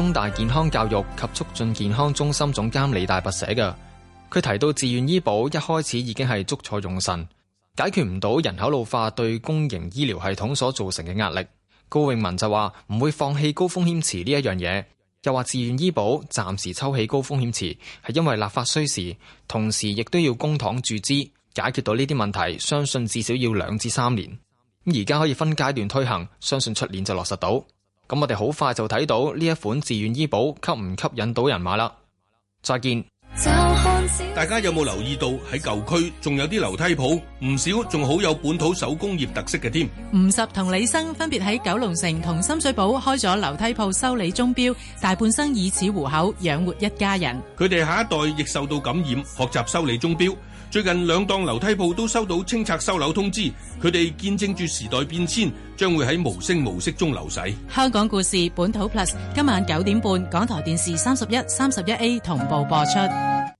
中大健康教育及促進健康中心總監李大拔寫嘅，佢提到自願醫保一開始已經係捉錯用神，解決唔到人口老化對公營醫療系統所造成嘅壓力。高永文就話唔會放棄高風險池呢一樣嘢，又話自願醫保暫時抽起高風險池係因為立法需時，同時亦都要公帑注資解決到呢啲問題，相信至少要兩至三年。咁而家可以分階段推行，相信出年就落實到。咁我哋好快就睇到呢一款自願醫保吸唔吸引到人買啦。再見！大家有冇留意到喺舊區仲有啲樓梯鋪，唔少仲好有本土手工業特色嘅添。吳十同李生分別喺九龍城同深水埗開咗樓梯鋪修理鐘錶，大半生以此糊口養活一家人。佢哋下一代亦受到感染，學習修理鐘錶。最近兩檔樓梯鋪都收到清拆收樓通知，佢哋見證住時代變遷，將會喺無聲無息中流逝。香港故事，本土 Plus，今晚九點半，港台電視三十一、三十一 A 同步播出。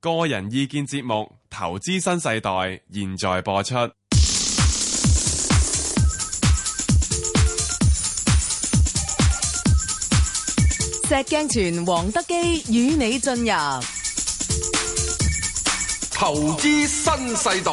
個人意見節目《投資新世代》現在播出。石鏡泉、黃德幾與你進入《投資新世代》。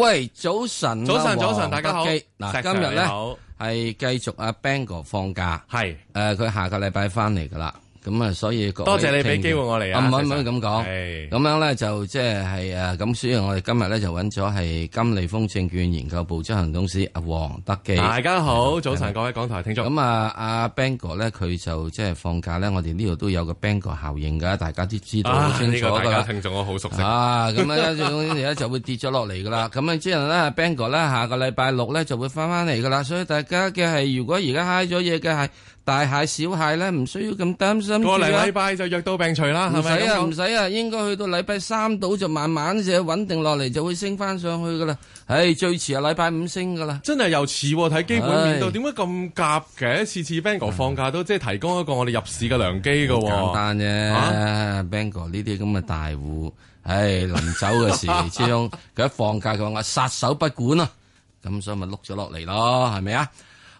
喂，早晨，早晨，早晨，大家好。嗱，今日咧好，係繼續阿 Bang 哥放假，係，誒，佢、呃、下個禮拜翻嚟噶啦。咁啊，所以多謝你俾機會我嚟啊！唔好唔好咁講，咁樣咧就即係誒咁。所以我哋今日咧就揾咗係金利豐證券研究部執行董事阿黃德幾。大家好，早晨各位港台聽眾。咁啊，阿 Bang 哥咧，佢就即係放假咧。我哋呢度都有個 Bang 哥效應嘅，大家都知道好清楚㗎啦，呢個大家聽眾我好熟悉啊！咁啊，而家就會跌咗落嚟㗎啦。咁啊，之後咧，Bang 哥咧，下個禮拜六咧就會返返嚟㗎啦。所以大家嘅係，如果而家嗨咗嘢嘅係。大蟹小蟹咧，唔需要咁擔心啊。過嚟禮拜就藥到病除啦，係咪？唔使啊，唔使啊，應該去到禮拜三到就慢慢就穩定落嚟，就會升翻上去噶啦。唉、哎，最遲啊，禮拜五升噶啦。真係又遲，睇基本面度，點解咁夾嘅？麼麼次次 Bang 哥放假都即係提供一個我哋入市嘅良機噶。嗯嗯嗯嗯嗯、簡單啫，Bang 哥呢啲咁嘅大戶，哎、 唉，臨走嘅時，始終佢一放假，嘅話佢我殺手不管啊，咁所以咪碌咗落嚟咯，係咪啊？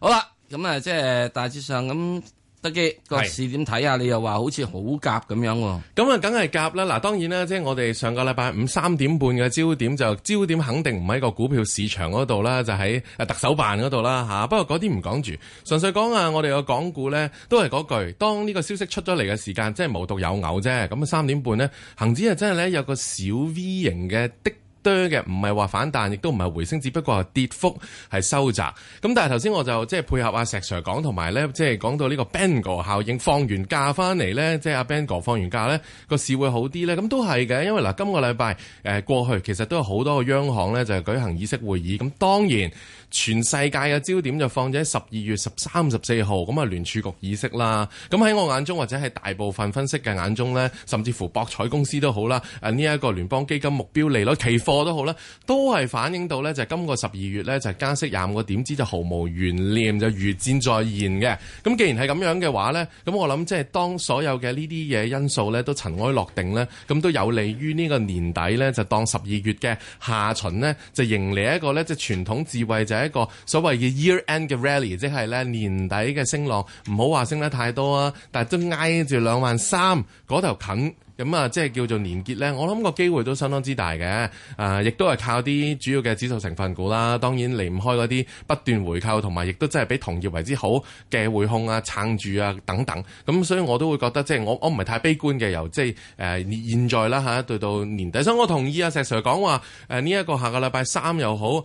好啦。好。咁啊，即係大致上咁得幾個視點，睇下。是你又話好似好夾咁樣喎？咁啊，梗係夾啦！嗱，當然啦，即係我哋上個禮拜五三點半嘅焦點就焦點肯定唔喺個股票市場嗰度啦，就喺特首辦嗰度啦吓。不過嗰啲唔講住，純粹講啊，我哋個港股咧都係嗰句，當呢個消息出咗嚟嘅時間，即係無獨有偶啫。咁啊，三點半呢，恒指啊真係咧有個小 V 型嘅的，的。對嘅，唔係話反彈，亦都唔係回升，只不過係跌幅係收窄。咁但係頭先我就即係配合阿石 Sir 講，同埋呢即係講到呢個 Ben 哥效應，放完假翻嚟呢，即係阿 Ben 哥放完假呢，個市會好啲呢。咁、嗯、都係嘅。因為嗱、呃，今個禮拜誒過去其實都有好多個央行呢就係舉行議息會議。咁、嗯、當然全世界嘅焦點就放咗喺十二月十三、十四號咁啊聯儲局議息啦。咁、嗯、喺我眼中或者係大部分分析嘅眼中呢，甚至乎博彩公司都好啦。呢、啊、一、這個聯邦基金目標利率期個都好啦，都係反映到呢。就是、今個十二月呢，就是、加息廿五個點，之就毫無懸念，就如箭在弦嘅。咁既然係咁樣嘅話呢，咁我諗即係當所有嘅呢啲嘢因素呢都塵埃落定呢，咁都有利於呢個年底呢，就當十二月嘅下旬呢，就迎嚟一個呢，即、就、係、是、傳統智慧就係一個所謂嘅 year end 嘅 rally 即係呢年底嘅升浪，唔好話升得太多啊，但係都挨住兩萬三嗰頭近。咁啊、嗯，即係叫做年結咧，我諗個機會都相當之大嘅。誒、呃，亦都係靠啲主要嘅指數成分股啦，當然離唔開嗰啲不斷回購，同埋亦都真係比同業為之好嘅匯控啊、撐住啊等等。咁、嗯、所以我都會覺得，即係我我唔係太悲觀嘅。由即係誒、呃、現在啦嚇、啊，對到年底，所以我同意阿、啊、石 Sir 講話誒、呃、呢一、這個下個禮拜三又好誒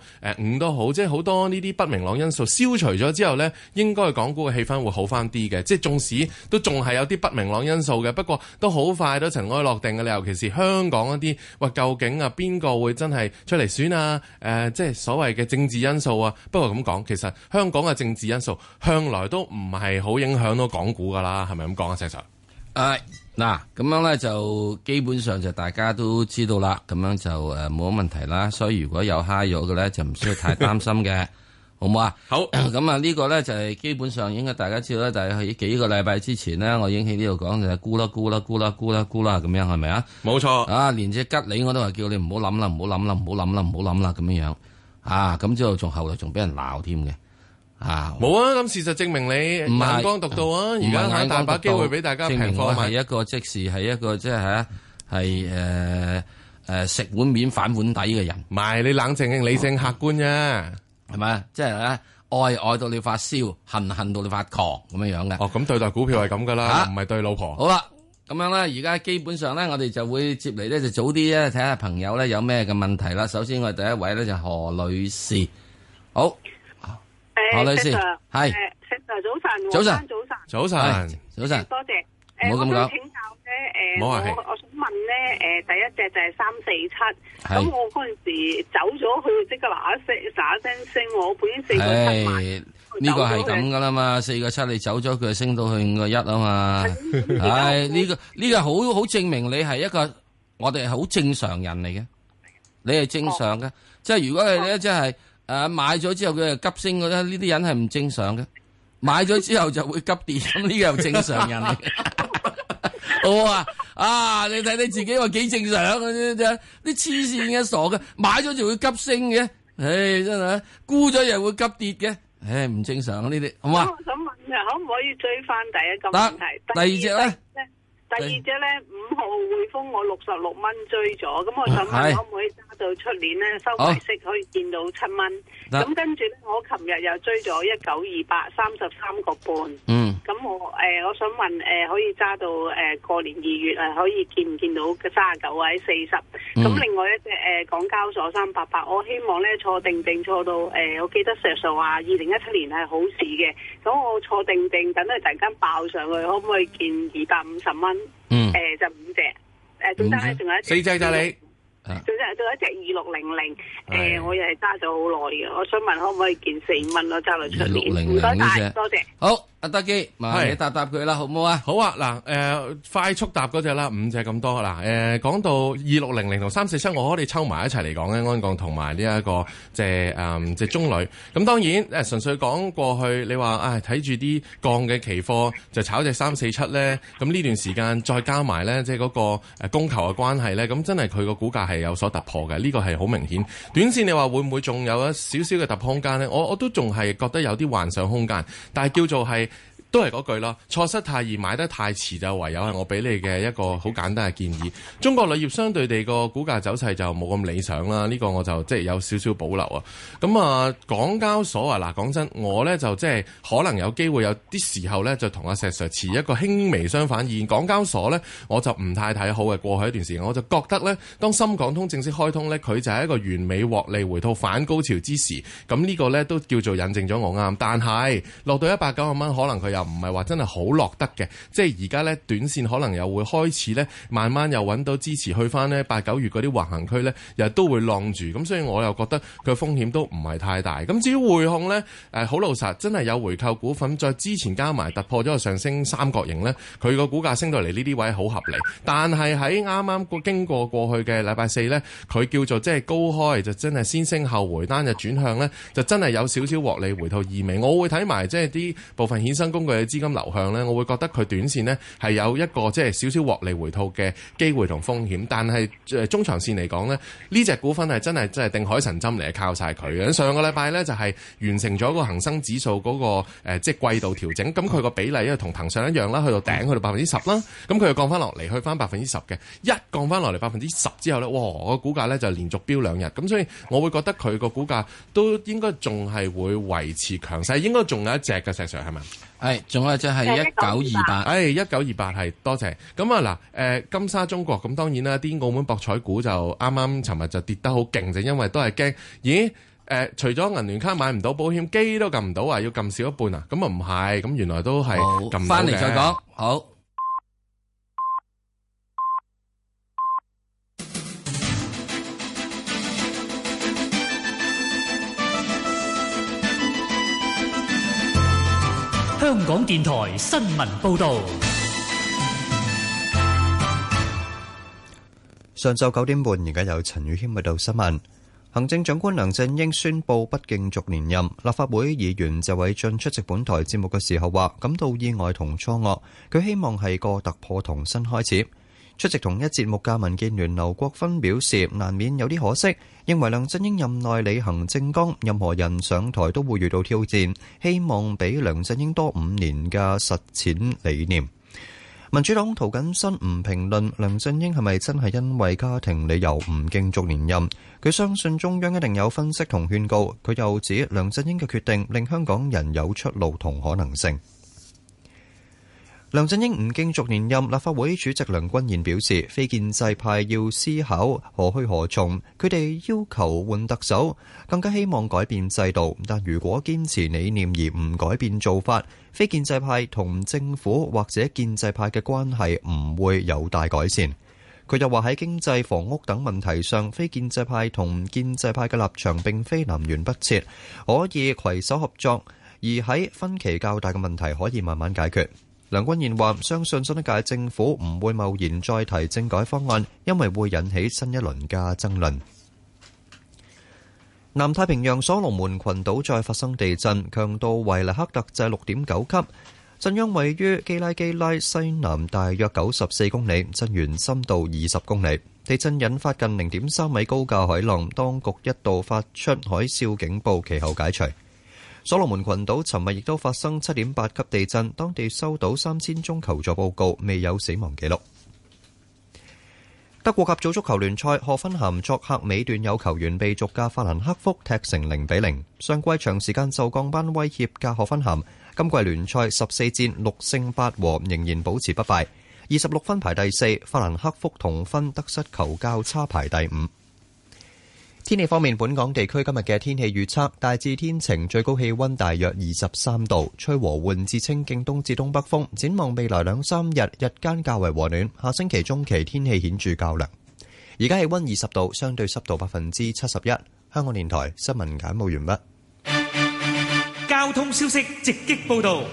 五都好，即係好多呢啲不明朗因素消除咗之後呢，應該係港股嘅氣氛會好翻啲嘅。即係縱使都仲係有啲不明朗因素嘅，不過都好快都曾。安落定嘅你，尤其是香港一啲，喂，究竟啊，邊個會真係出嚟選啊？誒、呃，即係所謂嘅政治因素啊。不過咁講，其實香港嘅政治因素向來都唔係好影響到港股噶啦，係咪咁講啊？石 Sir 誒、呃，嗱，咁樣呢，就基本上就大家都知道啦，咁樣就誒冇乜問題啦。所以如果有蝦肉嘅呢，就唔需要太擔心嘅。 好唔好啊？好咁啊！呢個咧就係基本上應該大家知道咧，但係喺幾個禮拜之前咧，我已經喺呢度講就係、是、咕啦咕啦咕啦咕啦咕啦咁樣係咪啊？冇錯錯啊！連隻吉利我都話叫你唔好諗啦，唔好諗啦，唔好諗啦，唔好諗啦咁樣樣啊！咁之後從後嚟仲俾人鬧添嘅啊！冇啊！咁事實證明你眼光獨到啊！而家是大把機會俾大家平我買一個即時係一個即係吓係誒誒食碗麵反碗底嘅人，唔係、啊、你冷靜理性客觀啫。啊啊係咪啊？即係咧，愛愛到你發燒，恨恨到你發狂咁樣樣嘅。哦，咁對待股票係咁噶啦，唔係對老婆。好啦，咁樣咧，而家基本上咧，我哋就會接嚟咧，就早啲咧睇下朋友咧有咩嘅問題啦。首先我哋第一位咧就何女士，好，何女士係，石 Sir 早晨，早晨，早晨，早晨，早晨，多謝，唔好咁講，誒，我想請教。咧誒、嗯，我我想問咧誒、嗯，第一隻就係三是四七，咁我嗰陣時走咗佢，即刻嗱一聲，嗱一聲升，我本身四個七呢個係咁噶啦嘛，四個七你走咗佢升到去五個一啊嘛，係呢、 哎這個呢、這個好好證明你係一個我哋係好正常人嚟嘅，你係正常嘅，哦、即係如果係咧，哦、即係誒、呃、買咗之後佢就急升嘅咧，呢啲人係唔正常嘅，買咗之後就會急跌，咁呢個又正常人嚟。 我啊，啊，你睇你自己話幾正常嗰啲啫，啲黐線嘅傻嘅，買咗就會急升嘅，唉真係，沽咗又會急跌嘅，唉唔正常呢啲，好嘛？咁我想問下可唔可以追翻第一個問題，第二隻咧，第二隻咧，五號匯豐我六十六蚊追咗，咁我想問可唔可以揸到出年咧收埋息可以見到七蚊？咁、嗯、跟住咧，我琴日又追咗一九二八三十三個半。嗯。咁我誒，我想問誒，可以揸到誒，過年二月啊，可以見唔見到嘅卅九位四十？咁另外一隻誒，港交所三八八，我希望咧坐定定坐到誒、嗯，我記得石 sir 話二零一七年係好事嘅，咁我坐定定，等佢突然間爆上去，可唔可以見二百五十蚊？嗯。誒、嗯，就五隻。誒，咁大家仲有一隻。四隻，就你。仲有都有一隻二六零零，誒，我又係揸咗好耐嘅，我想問可唔可以見四蚊攞揸到七嚟？零零，唔該多謝。好，阿德基，係的你答答佢啦，好唔好？好啊？好啊，嗱，誒，快速答嗰隻啦，五隻咁多。嗱，誒，講到二六零零同三四七，我可唔可以抽埋一齊嚟講咧？鞍鋼同埋呢一個即係誒即係中鋁。咁當然誒，純粹講過去，你話啊睇住啲鋼嘅期貨，就炒隻三四七咧。咁呢段時間再加埋咧，即係嗰個供求嘅關係咧，咁真係佢個股價係。係有所突破嘅，呢個係好明顯。短線你話會唔會仲有一少少嘅突破空間咧？我我都仲係覺得有啲幻想空間，但係叫做係。都係嗰句咯，錯失太易，買得太遲就唯有係我俾你嘅一個好簡單嘅建議。中國鋁業相對地個股價走勢就冇咁理想啦，呢、這個我就即係、就是、有少少保留啊。咁啊，港交所啊，嗱講真，我呢就即係可能有機會有啲時候呢就同阿石 Sir 持一個輕微相反。而港交所呢，我就唔太睇好嘅過去一段時間，我就覺得呢，當深港通正式開通呢，佢就係一個完美獲利回吐反高潮之時。咁呢個呢，都叫做引證咗我啱，但係落到一百九十蚊，可能佢又。唔係話真係好落得嘅，即係而家呢，短線可能又會開始呢，慢慢又揾到支持去翻呢。八九月嗰啲橫行區咧，日都會浪住，咁所以我又覺得佢風險都唔係太大。咁至於匯控呢，誒好老實，真係有回購股份，再之前加埋突破咗個上升三角形呢，佢個股價升到嚟呢啲位好合理。但係喺啱啱過經過過去嘅禮拜四呢，佢叫做即係高開就真係先升後回，單日轉向呢，就真係有少少獲利回吐意味。我會睇埋即係啲部分衍生公。佢嘅資金流向呢，我會覺得佢短線呢係有一個即係少少獲利回吐嘅機會同風險，但係誒中長線嚟講呢，呢隻股份係真係即係定海神針嚟，靠晒佢嘅上個禮拜呢，就係完成咗個恒生指數嗰、那個即係、呃就是、季度調整，咁佢個比例因為同騰訊一樣啦，去到頂去到百分之十啦，咁佢又降翻落嚟，去翻百分之十嘅一降翻落嚟百分之十之後呢，哇！我、那個股價呢就連續飆兩日，咁所以我會覺得佢個股價都應該仲係會維持強勢，應該仲有一隻嘅石 s i 係咪？係，仲有就係一九二八，誒，一九二八係多謝，咁啊嗱，誒，金沙中國，咁當然啦，啲澳門博彩股就啱啱，尋日就跌得好勁，就因為都係驚，咦，誒，除咗銀聯卡買唔到保險，機都撳唔到啊，要撳少一半啊，咁啊唔係，咁原來都係撳翻嚟再講，好。香港電台新聞報道：上晝九點半，而家由陳宇謙報道新聞。行政長官梁振英宣布不競逐連任。立法會議員謝偉俊出席本台節目嘅時候話，感到意外同錯愕。佢希望係個突破同新開始。出席同一節目嘅民建聯劉國芬表示，難免有啲可惜，認為梁振英任內履行政綱，任何人上台都會遇到挑戰，希望俾梁振英多五年嘅實踐理念。民主黨涂謹申唔評論梁振英係咪真係因為家庭理由唔競逐連任，佢相信中央一定有分析同勸告。佢又指梁振英嘅決定令香港人有出路同可能性。梁振英唔競逐連任，立法會主席梁君彥表示，非建制派要思考何去何從。佢哋要求換特首，更加希望改變制度。但如果堅持理念而唔改變做法，非建制派同政府或者建制派嘅關係唔會有大改善。佢又話喺經濟、房屋等問題上，非建制派同建制派嘅立場並非南轅北轍，可以攜手合作。而喺分歧較大嘅問題，可以慢慢解決。梁君彥話：相信新一屆政府唔會貿然再提政改方案，因為會引起新一輪嘅爭論。南太平洋所羅門群島再發生地震，強度為里克特制六點九級，震央位於基拉基拉西南大約九十四公里，震源深度二十公里。地震引發近零點三米高嘅海浪，當局一度發出海嘯警報，其後解除。所羅門群島尋日亦都發生七點八級地震，當地收到三千宗求助報告，未有死亡記錄。德國甲組足球聯賽荷芬咸作客尾段有球員被逐，嘅法蘭克福踢成零比零。上季長時間受降班威脅，嘅荷芬咸今季聯賽十四戰六勝八和，仍然保持不敗，二十六分排第四。法蘭克福同分得失球較差排第五。天氣方面，本港地區今日嘅天氣預測大致天晴，最高氣溫大約二十三度，吹和緩至清勁東至東北風。展望未來兩三日，日間較為和暖。下星期中期天氣顯著較涼。而家氣温二十度，相對濕度百分之七十一。香港電台新聞簡報完畢。交通消息直擊報道。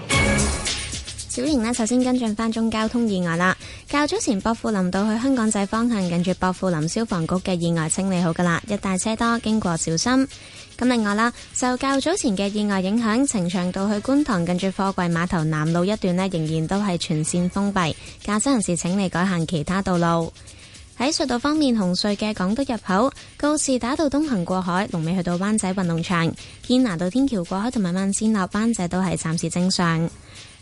小瑩呢，首先跟進翻宗交通意外啦。較早前薄扶林道去香港仔方向，近住薄扶林消防局嘅意外清理好噶啦。一帶車多，經過小心。咁另外啦，受較早前嘅意外影響，呈祥道去觀塘近住貨櫃碼頭南路一段呢，仍然都係全線封閉，駕駛人士請你改行其他道路。喺隧道方面，紅隧嘅港島入口告士打道東行過海，龍尾去到灣仔運動場堅拿道天橋過海，同埋慢線落灣仔都係暫時正常。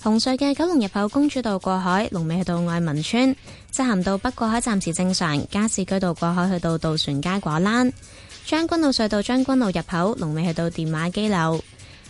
紅隧嘅九龍入口公主道過海，龍尾去到愛民村；西行道北過海暫時正常，加士居道過海去到渡船街果欄；將軍澳隧道將軍澳入口，龍尾去到電話機樓。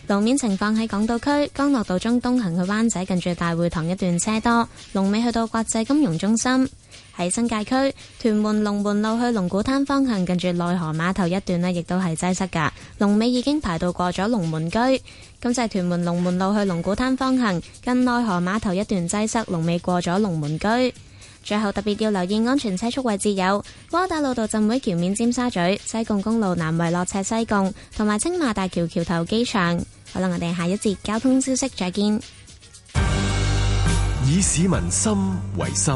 路面情況喺港島區，干諾道中東行去灣仔近住大會堂一段車多，龍尾去到國際金融中心。喺新界區屯門龍門路去龍鼓灘方向，近住內河碼頭一段呢亦都係擠塞噶，龍尾已經排到過咗龍門居。咁就係屯門龍門路去龍鼓灘方向，跟內河碼頭一段擠塞，龍尾過咗龍門居。最後特別要留意安全車速位置有窩打老道浸會橋面、尖沙咀西貢公路南圍落斜西貢，同埋青馬大橋橋頭機場。好啦，我哋下一節交通消息再見。以市民心為心。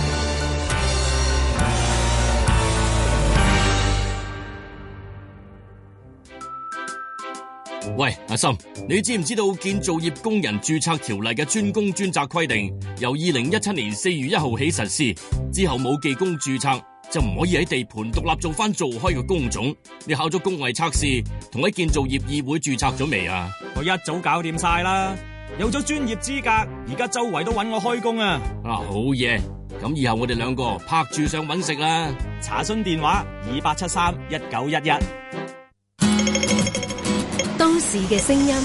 喂，阿心，你知唔知道建造業工人注冊條例嘅專工專責規定由二零一七年四月一號起實施，之後冇技工注冊就唔可以喺地盤獨立做翻做開嘅工種。你考咗工藝測試同喺建造業議會注冊咗未啊？我一早搞掂晒啦，有咗專業資格，而家周圍都揾我開工啊！啊好嘢，咁以後我哋兩個拍住上揾食啦。查詢電話：二八七三一九一一。事嘅聲音，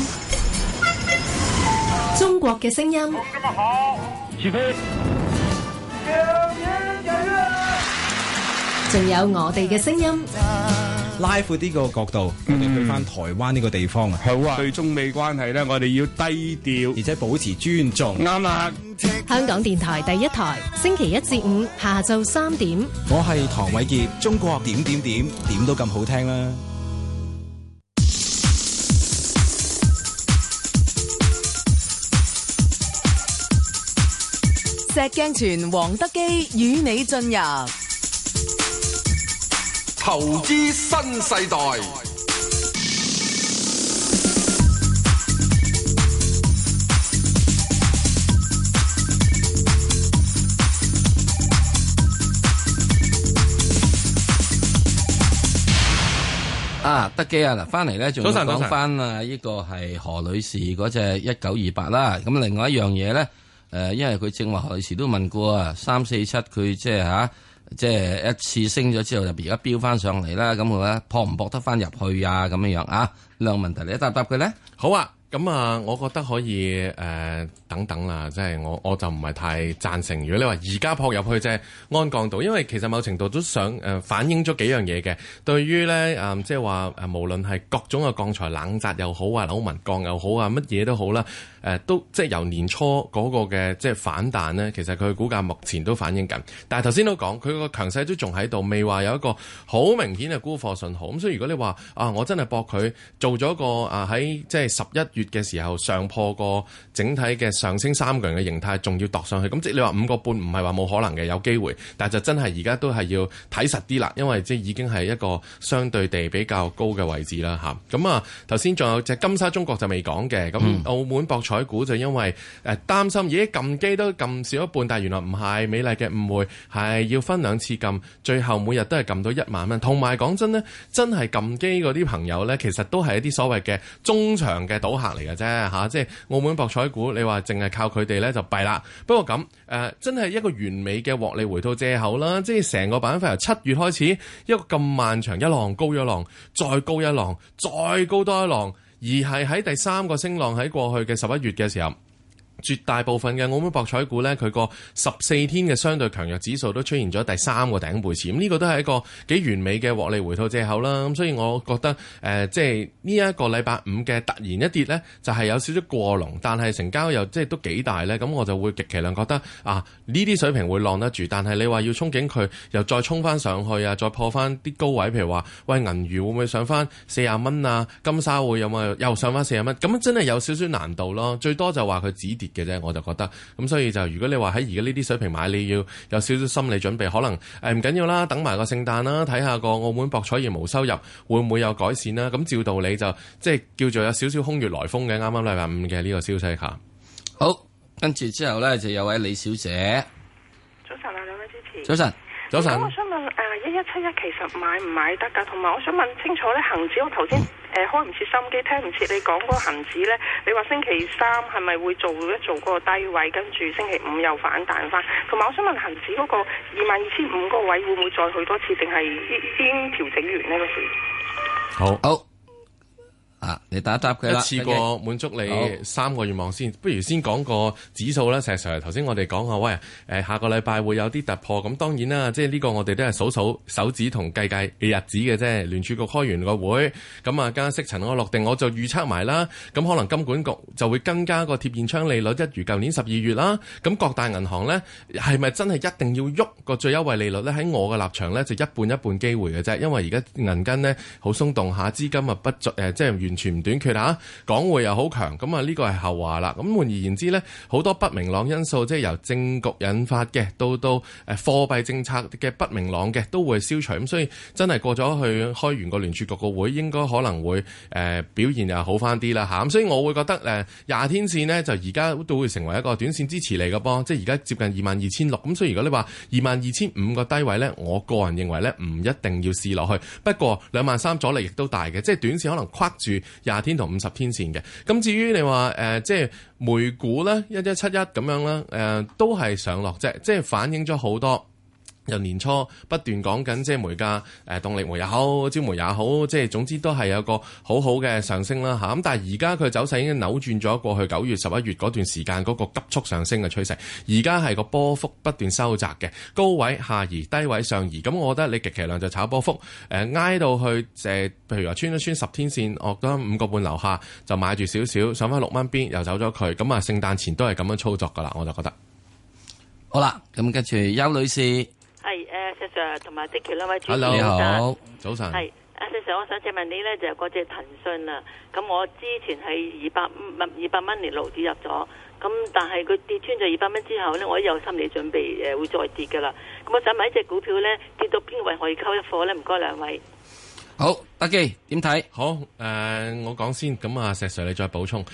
中國嘅聲音，好，起飛。仲有我哋嘅聲音，拉闊呢個角度，我哋去翻台灣呢個地方啊。好啊，對中美關係咧，我哋要低調，而且保持尊重。啱啦。香港電台第一台，星期一至五下晝三點。我係唐偉傑，中國點點點點都咁好聽啦。石鏡泉黃德幾與你進入投資新世代啊，德幾啊，嗱，翻嚟咧，仲要講翻啊，呢個係何女士嗰隻一九二八啦，咁另外一樣嘢咧。誒，因為佢正話何女士都問過啊，三四七佢即係嚇，即係、就是啊就是、一次升咗之後，入而家飆翻上嚟啦，咁佢話，撲唔撲得翻入去啊？咁樣樣啊，兩個問題你，你一答答佢咧？好啊，咁啊，我覺得可以誒、呃，等等啦，即、就、係、是、我我就唔係太贊成，如果你話而家撲入去即係安降度，因為其實某程度都想誒、呃、反映咗幾樣嘢嘅，對於咧誒，即係話無論係各種嘅鋼材冷軋又好啊，螺紋鋼又好啊，乜嘢都好啦。誒都即係由年初嗰個嘅即係反彈咧，其實佢股價目前都反映緊，但係頭先都講佢個強勢都仲喺度，未話有一個好明顯嘅沽貨信號，咁所以如果你話啊，我真係搏佢做咗個啊喺即係十一月嘅時候上破個整體嘅上升三角形嘅形態仲要度上去咁，即係你話五個半唔係話冇可能嘅，有機會，但係就真係而家都係要睇實啲啦，因為即係已經係一個相對地比較高嘅位置啦，吓，咁啊頭先仲有隻金沙中國就未講嘅，咁、嗯、澳門博彩。彩股就因為誒擔心，咦？撳機都撳少一半，但係原來唔係，美麗嘅誤會係要分兩次撳，最後每日都係撳到一萬蚊。同埋講真呢，真係撳機嗰啲朋友呢，其實都係一啲所謂嘅中場嘅賭客嚟嘅啫，吓、啊，即係澳門博彩股，你話淨係靠佢哋呢就弊啦。不過咁誒、呃，真係一個完美嘅獲利回吐借口啦，即係成個板塊由七月開始一個咁漫長一浪高一浪，再高一浪，再高多一浪。而係喺第三個升浪喺過去嘅十一月嘅時候。絕大部分嘅澳門博彩股呢，佢個十四天嘅相對強弱指數都出現咗第三個頂背馳，呢、嗯這個都係一個幾完美嘅獲利回吐借口啦。咁、嗯、所以我覺得誒、呃，即係呢一個禮拜五嘅突然一跌呢，就係、是、有少少過龍，但係成交又即係都幾大呢。咁我就會極其量覺得啊，呢啲水平會攬得住。但係你話要憧憬佢又再衝翻上去啊，再破翻啲高位，譬如話，喂銀娛會唔會上翻四十蚊啊？金沙會有冇又上翻四十蚊？咁真係有少少難度咯。最多就話佢止跌。嘅啫，我就覺得咁，所以就如果你話喺而家呢啲水平買，你要有少少心理準備，可能誒唔緊要啦，等埋個聖誕啦，睇下個澳門博彩業無收入會唔會有改善啦。咁、嗯、照道理就即係叫做有少少空穴來風嘅，啱啱禮拜五嘅呢個消息嚇。好，跟住之後呢就有位李小姐，早晨啊，兩位主持，早晨，早晨。早晨。一七一其實買唔買得㗎？同埋我想問清楚呢，恒指我頭先誒開唔切心機，聽唔切你講嗰個恆指咧，你話星期三係咪會做一做嗰個低位，跟住星期五又反彈翻？同埋我想問恒指嗰個二萬二千五個位會唔會再去多次，定係先調整完呢個時段？好。Oh. 啊、你答一答佢一次過滿足你好三個願望先。不如先講個指數啦。石 Sir 頭先我哋講下，喂，誒下個禮拜會有啲突破。咁當然啦，即係呢個我哋都係數數手指同計計嘅日子嘅啫。聯儲局開完個會，咁啊加息塵埃落定，我就預測埋啦。咁可能金管局就會增加個貼現窗利率，一如舊年十二月啦。咁各大銀行呢，係咪真係一定要喐個最優惠利率呢？喺我嘅立場呢，就一半一半機會嘅啫。因為而家銀根呢，好鬆動下，資金啊不足，誒、呃、即係完全唔短缺啊！港匯又好強，咁啊呢個係後話啦。咁換而言之呢，好多不明朗因素，即係由政局引發嘅，到到誒貨幣政策嘅不明朗嘅，都會消除。咁所以真係過咗去開完個聯儲局個會，應該可能會誒、呃、表現又好翻啲啦吓。咁所以我會覺得誒廿、呃、天線呢就而家都會成為一個短線支持嚟嘅噃，即係而家接近二萬二千六。咁所以如果你話二萬二千五個低位呢，我個人認為呢唔一定要試落去。不過兩萬三阻力亦都大嘅，即係短線可能跨住。廿天同五十天線嘅，咁至於你話誒、呃，即係每股咧一一七一咁樣啦，誒、呃、都係上落啫，即係反映咗好多。又年初不斷講緊，即係煤價，誒動力煤也好，焦煤也好，即係總之都係有個好好嘅上升啦嚇。咁但係而家佢走勢已經扭轉咗過去九月、十一月嗰段時間嗰、嗰個急速上升嘅趨勢，而家係個波幅不斷收窄嘅，高位下移，低位上移。咁我覺得你極其量就炒波幅，誒、呃、挨到去、呃、譬如話穿一穿十天線，我覺得五個半樓下就買住少少，上翻六蚊邊又走咗佢。咁啊，聖誕前都係咁樣操作噶啦，我就覺得好啦。咁跟住邱女士。係誒、uh, 石 Sir 同埋 Dicky 兩位主持人，Hello, 持人你好，早晨。係誒、啊、石 Sir，我想借問你咧，就係嗰隻騰訊啊。咁我之前係二百二百蚊年攞住入咗，咁但係佢跌穿咗二百蚊之後咧，我有心理準備誒、呃、會再跌㗎啦。咁我想問一隻股票咧跌到邊位可以溝一貨咧？唔該兩位。好，阿基點睇？好誒、呃，我講先。咁啊，石 Sir 你再補充。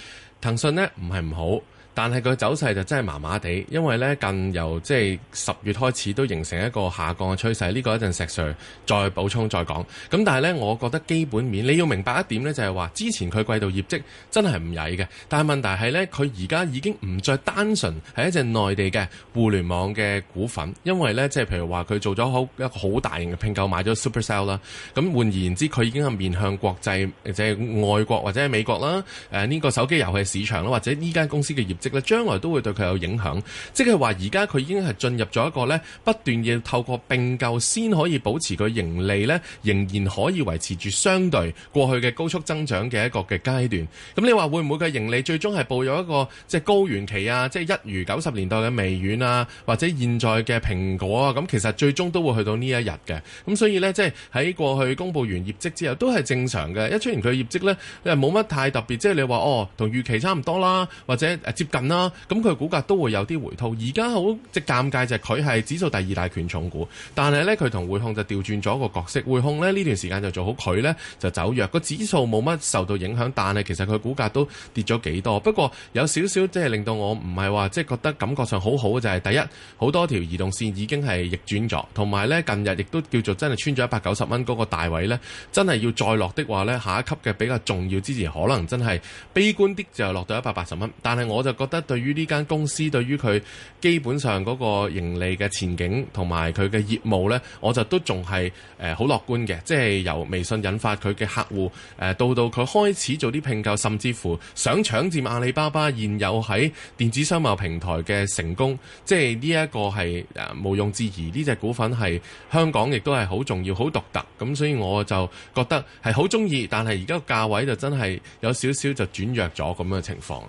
騰訊咧唔係唔好。但係佢走勢就真係麻麻地，因為呢近由即係十月開始都形成一個下降嘅趨勢，呢、這個一陣石 sir 再補充再講。咁但係呢，我覺得基本面你要明白一點呢，就係話之前佢季度業績真係唔曳嘅，但係問題係呢，佢而家已經唔再單純係一隻內地嘅互聯網嘅股份，因為呢，即係譬如話佢做咗好一個好大型嘅併購，買咗 Supercell 啦。咁換言之，佢已經係面向國際即係外國或者係美國啦。誒、呃、呢、這個手機遊戲市場啦，或者呢間公司嘅業。即係將來都會對佢有影響，即係話而家佢已經係進入咗一個呢，不斷要透過並購先可以保持佢盈利呢，仍然可以維持住相對過去嘅高速增長嘅一個嘅階段。咁你話會唔會佢盈利最終係步入一個即係高原期啊？即係一如九十年代嘅微軟啊，或者現在嘅蘋果啊，咁其實最終都會去到呢一日嘅。咁所以呢，即係喺過去公佈完業績之後都係正常嘅，一出現佢業績呢，又冇乜太特別，即係你話哦，同預期差唔多啦，或者接。近啦，咁佢股價都會有啲回吐。而家好即係尷尬就係佢係指數第二大權重股，但係呢，佢同匯控就調轉咗個角色。匯控咧呢段時間就做好佢呢就走弱，個指數冇乜受到影響，但係其實佢股價都跌咗幾多。不過有少少即係令到我唔係話即係覺得感覺上好好嘅就係第一，好多條移動線已經係逆轉咗，同埋呢，近日亦都叫做真係穿咗一百九十蚊嗰個大位呢，真係要再落的話呢，下一級嘅比較重要，之前可能真係悲觀啲就落到一百八十蚊，但係我就。我覺得對於呢間公司，對於佢基本上嗰個盈利嘅前景同埋佢嘅業務呢，我就都仲係誒好樂觀嘅。即係由微信引發佢嘅客戶誒，到到佢開始做啲拼購，甚至乎想搶佔阿里巴巴現有喺電子商貿平台嘅成功。即係呢一個係毋庸置疑，呢隻股份係香港亦都係好重要、好獨特。咁所以我就覺得係好鍾意，但係而家個價位就真係有少少就轉弱咗咁嘅情況。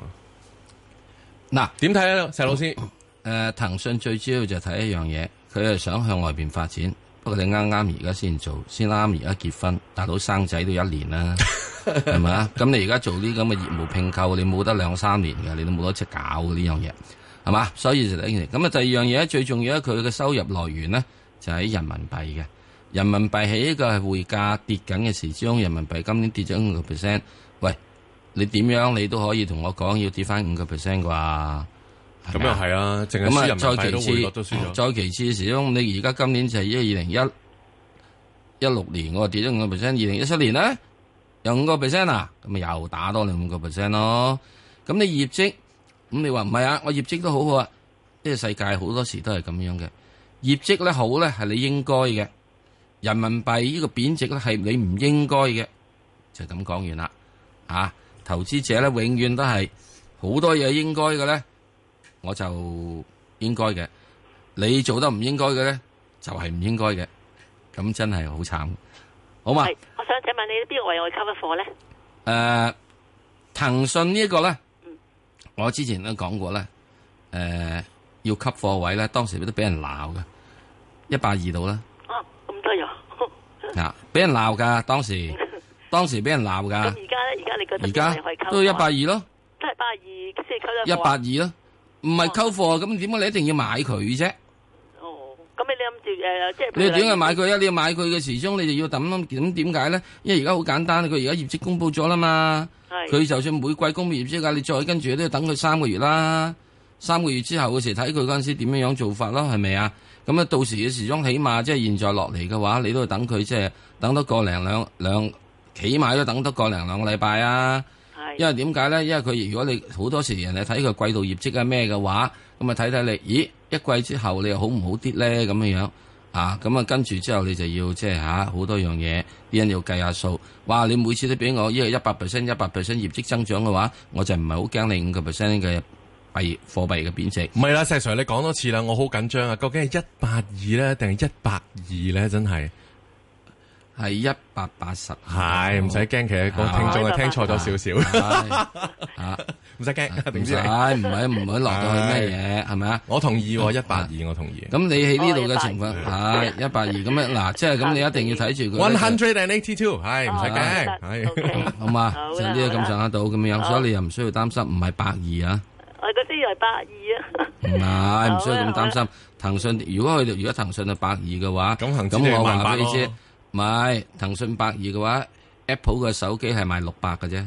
嗱，點睇啊，石老師？誒，騰訊最主要就睇一樣嘢，佢係想向外邊發展。不過你啱啱而家先做，先啱而家結婚，大佬生仔都一年啦，係咪啊？咁你而家做啲咁嘅業務拼購，你冇得兩三年嘅，你都冇得即係搞呢樣嘢，係嘛？所以就第一樣。咁啊，第二樣嘢最重要咧，佢嘅收入來源咧就喺、是、人民幣嘅。人民幣喺一個匯價跌緊嘅時之中，人民幣今年跌咗五六 percent。喂！你點樣你都可以同我講要跌翻五個 percent 啩？咁又係啊，淨係人民幣、嗯、再其次，再其次，始終、哦嗯、你而家今年就係一二零一，一六年我跌咗五個 percent，二零一七年咧又五個 percent 啊！咁啊又打多你五個 percent 咯。咁你業績，咁你話唔係啊？我業績都好好啊！呢個世界好多時都係咁樣嘅，業績咧好咧係你應該嘅，人民幣呢個貶值咧係你唔應該嘅，就咁講完啦，啊！投資者咧永遠都係好多嘢應該嘅咧，我就應該嘅。你做得唔應該嘅咧，就係、是、唔應該嘅。咁真係好慘，好嘛？係，我想請問你邊個位有吸嘅貨咧？誒、呃，騰訊呢一個咧，我之前都講過咧，誒、呃，要吸貨位咧，當時都俾人鬧㗎，一百二度啦。哦、啊，咁多呀？嗱、 呃，俾人鬧噶當時。當時俾人鬧噶，而家而家你覺得都係都一百二咯，都係百二，即係購一一百二咯，唔係溝貨，咁點解你一定要買佢啫？哦，咁你諗住即係你要點解買佢啊？你要買佢嘅時鐘，你就要等點點解咧？因為而家好簡單，佢而家業績公布咗啦嘛，佢就算每季公布業績噶，你再跟住都要等佢三個月啦，三個月之後嘅時睇佢嗰陣時點樣樣做法咯，係咪啊？咁啊到時嘅時鐘起碼即係現在落嚟嘅話，你都要等佢即係等個多個零兩兩。起碼都等個多個零兩個禮拜啊，因為點解咧？因為佢如果你好多時人哋睇佢季度業績係咩嘅話，咁啊睇睇你，咦一季之後你又好唔好啲咧？咁樣樣啊，咁啊跟住之後你就要即係吓好多樣嘢，啲人要計下數。哇！你每次都俾我依個一百 percent、一百 percent 業績增長嘅話，我就唔係好驚你五個 percent 嘅幣貨幣嘅貶值。唔係啦，石 Sir，你講多次啦，我好緊張啊！究竟係一百二咧，定係一百二咧？真係。係一百八十，係唔使驚。其實個聽眾係聽錯咗少少，吓唔使驚，唔知唔係唔係唔係落到去咩嘢，係咪啊？我同意，一百二，我同意。咁你喺呢度嘅情況係一百二，咁樣嗱，即係咁，你一定要睇住佢。One hundred and eighty two，係唔使驚，係好嘛？上啲咁上得到咁樣，所以你又唔需要擔心，唔係百二啊。我嗰啲係百二啊，唔係唔需要咁擔心。騰訊如果佢如果騰訊係百二嘅話，咁我話俾你知。買騰訊百二嘅話，Apple 嘅手機係賣六百嘅啫。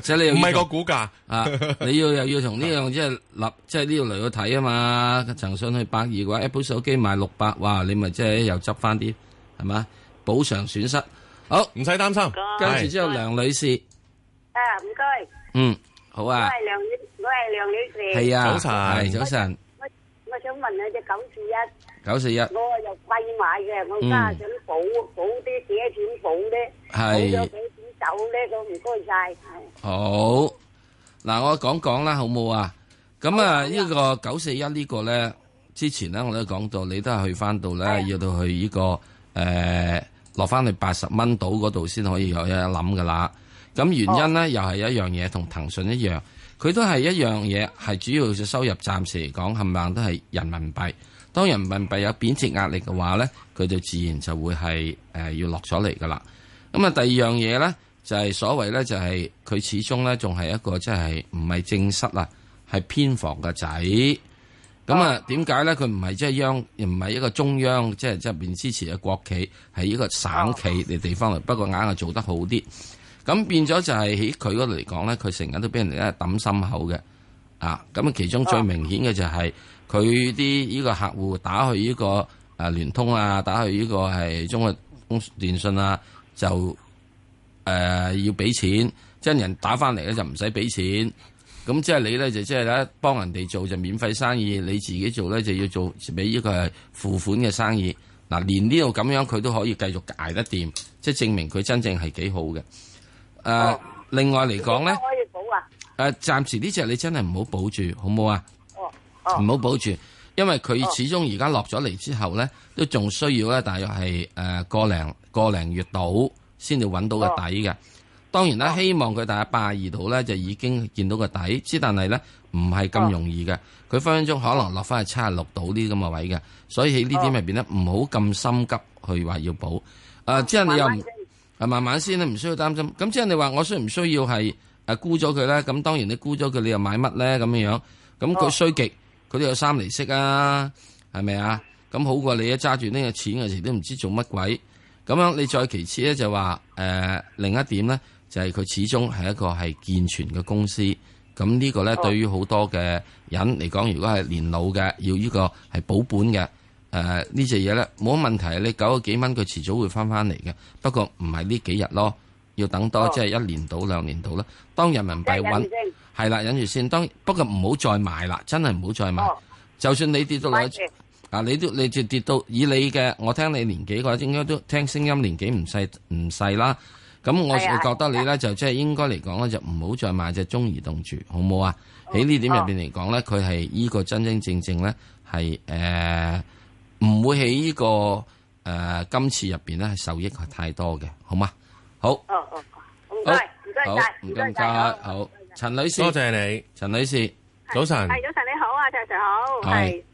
即係你唔係個股價。啊，你要又要從呢樣即係立即係呢度嚟去睇啊嘛。騰訊去百二嘅話，Apple 手機賣六百，哇！你咪即係又執翻啲係嘛？補償損失。好，唔使擔心。跟住之後，梁女士。啊，唔該。嗯，好啊。我係梁，我係梁女士。係啊。早晨，早晨。我我想問你隻九四一。九四一。我。貴買嘅，我家陣補補啲，借錢保啲，保咗俾錢走咧，都唔該晒。好,好，嗱，我講講啦，好冇啊？咁啊，呢個九四一呢個咧，之前咧我都講到，你都係去翻到咧，啊、要到去呢、這個誒、呃、落翻去八十蚊到嗰度先可以有有諗噶啦。咁原因咧、哦、又係一樣嘢，同騰訊一樣，佢都係一樣嘢，係主要收入暫時嚟講，冚唪唥都係人民幣。當人民幣有貶值壓力嘅話咧，佢就自然就會係誒、呃、要落咗嚟噶啦。咁啊，第二樣嘢咧就係、是、所謂咧就係、是、佢始終咧仲係一個即係唔係正室啊，係偏房嘅仔。咁啊，點解咧佢唔係即係央唔係一個中央即係即係入面支持嘅國企，喺呢個省企嘅地方嚟，不過硬係做得好啲。咁變咗就係喺佢嗰度嚟講咧，佢成日都俾人哋揼心口嘅。啊，咁啊，其中最明顯嘅就係、是。啊佢啲呢個客戶打去呢個誒聯通啊，打去呢個係中國電訊啊，就誒、呃、要俾錢，真人打翻嚟咧就唔使俾錢。咁即係你咧就即係咧幫人哋做就免費生意，你自己做咧就要做俾呢個係付款嘅生意。嗱、呃，連呢度咁樣佢都可以繼續捱得掂，即係證明佢真正係幾好嘅。誒、呃，哦、另外嚟講咧，誒、啊呃，暫時呢隻你真係唔好保住，好唔好啊？唔好保住，因為佢始終而家落咗嚟之後咧，都仲需要咧，大約係誒、呃、個零個零月度先至搵到個底嘅。當然啦，希望佢大概八十二度咧就已經見到個底，之但係咧唔係咁容易嘅。佢分、啊、分鐘可能落翻去七十六度啲咁嘅位嘅，所以喺呢點入邊咧唔好咁心急去話要保。誒、啊，即係你又唔誒慢慢，啊、慢慢先你唔需要擔心。咁即係你話我需唔需要係誒沽咗佢咧？咁當然你沽咗佢，你又買乜咧？咁樣樣，咁佢衰極。嗰有三厘息啊，係咪啊？咁好過你一揸住呢個錢嘅時都唔知做乜鬼。咁樣你再其次咧就話誒、呃，另一點咧就係、是、佢始終係一個係健全嘅公司。咁呢個咧對於好多嘅人嚟講，如果係年老嘅要呢個係保本嘅誒、呃、呢隻嘢咧，冇乜問題。你九個幾蚊佢遲早會翻翻嚟嘅，不過唔係呢幾日咯。要等多即係一年到兩年到啦。當人民幣穩係啦，忍住先。當不過唔好再買啦，真係唔好再買。就算你跌到啊，你都你跌跌到以你嘅，我聽你年紀嘅話，應該都聽聲音年紀唔細唔細啦。咁我覺得你咧，就即係應該嚟講咧，就唔好再買隻中移動住，好冇啊？喺呢點入邊嚟講咧，佢係依個真真正正咧係誒唔會喺呢個誒今次入邊咧受益係太多嘅，好嗎？好哦哦，唔該唔該晒唔該晒，好陳女士多謝你陳女士，早晨。係早晨，你好啊，陳 Sir 好。係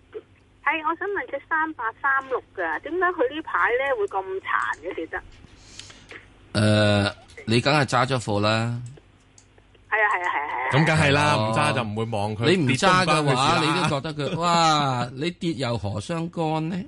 係，我想問隻三八三六噶點解佢呢排咧會咁殘嘅？其實誒你梗係揸咗貨啦係啊係啊係啊係啊，咁梗係啦，唔揸就唔會望佢。你唔揸嘅話你都覺得佢，哇你跌又何相干呢，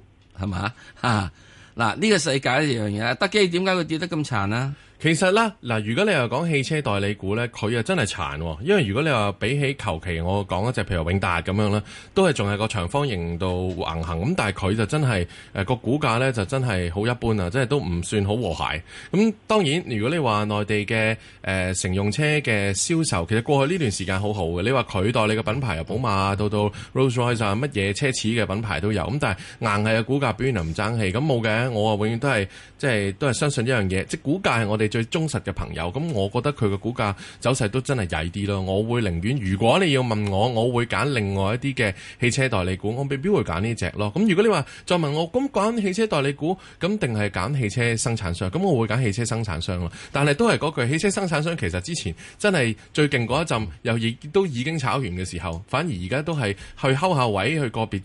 係咪啊？嗱呢個世界一樣嘢，德幾，點解佢跌得咁殘啊？其實啦，嗱，如果你又講汽車代理股咧，佢又真係殘，因為如果你話比起求其我講一隻，譬如永達咁樣啦，都係仲係個長方形度橫行，咁但係佢就真係誒個股價咧就真係好一般啊，即係都唔算好和諧。咁、嗯、當然，如果你話內地嘅誒乘用車嘅銷售，其實過去呢段時間好好嘅。你話佢代理嘅品牌由寶馬到到 Rolls Royce 啊，乜嘢奢侈嘅品牌都有。咁但係硬係個股價表現又唔爭氣。咁冇嘅，我啊永遠都係。即係都係相信一樣嘢，即係股價係我哋最忠實嘅朋友。咁我覺得佢嘅股價走勢都真係曳啲咯。我會寧願如果你要問我，我會揀另外一啲嘅汽車代理股，我未必會揀呢隻咯。咁如果你話再問我，咁揀汽車代理股，咁定係揀汽車生產商？咁我會揀汽車生產商咯。但係都係嗰句，汽車生產商其實之前真係最勁嗰一陣，又亦都已經炒完嘅時候，反而而家都係去睺下位，去個別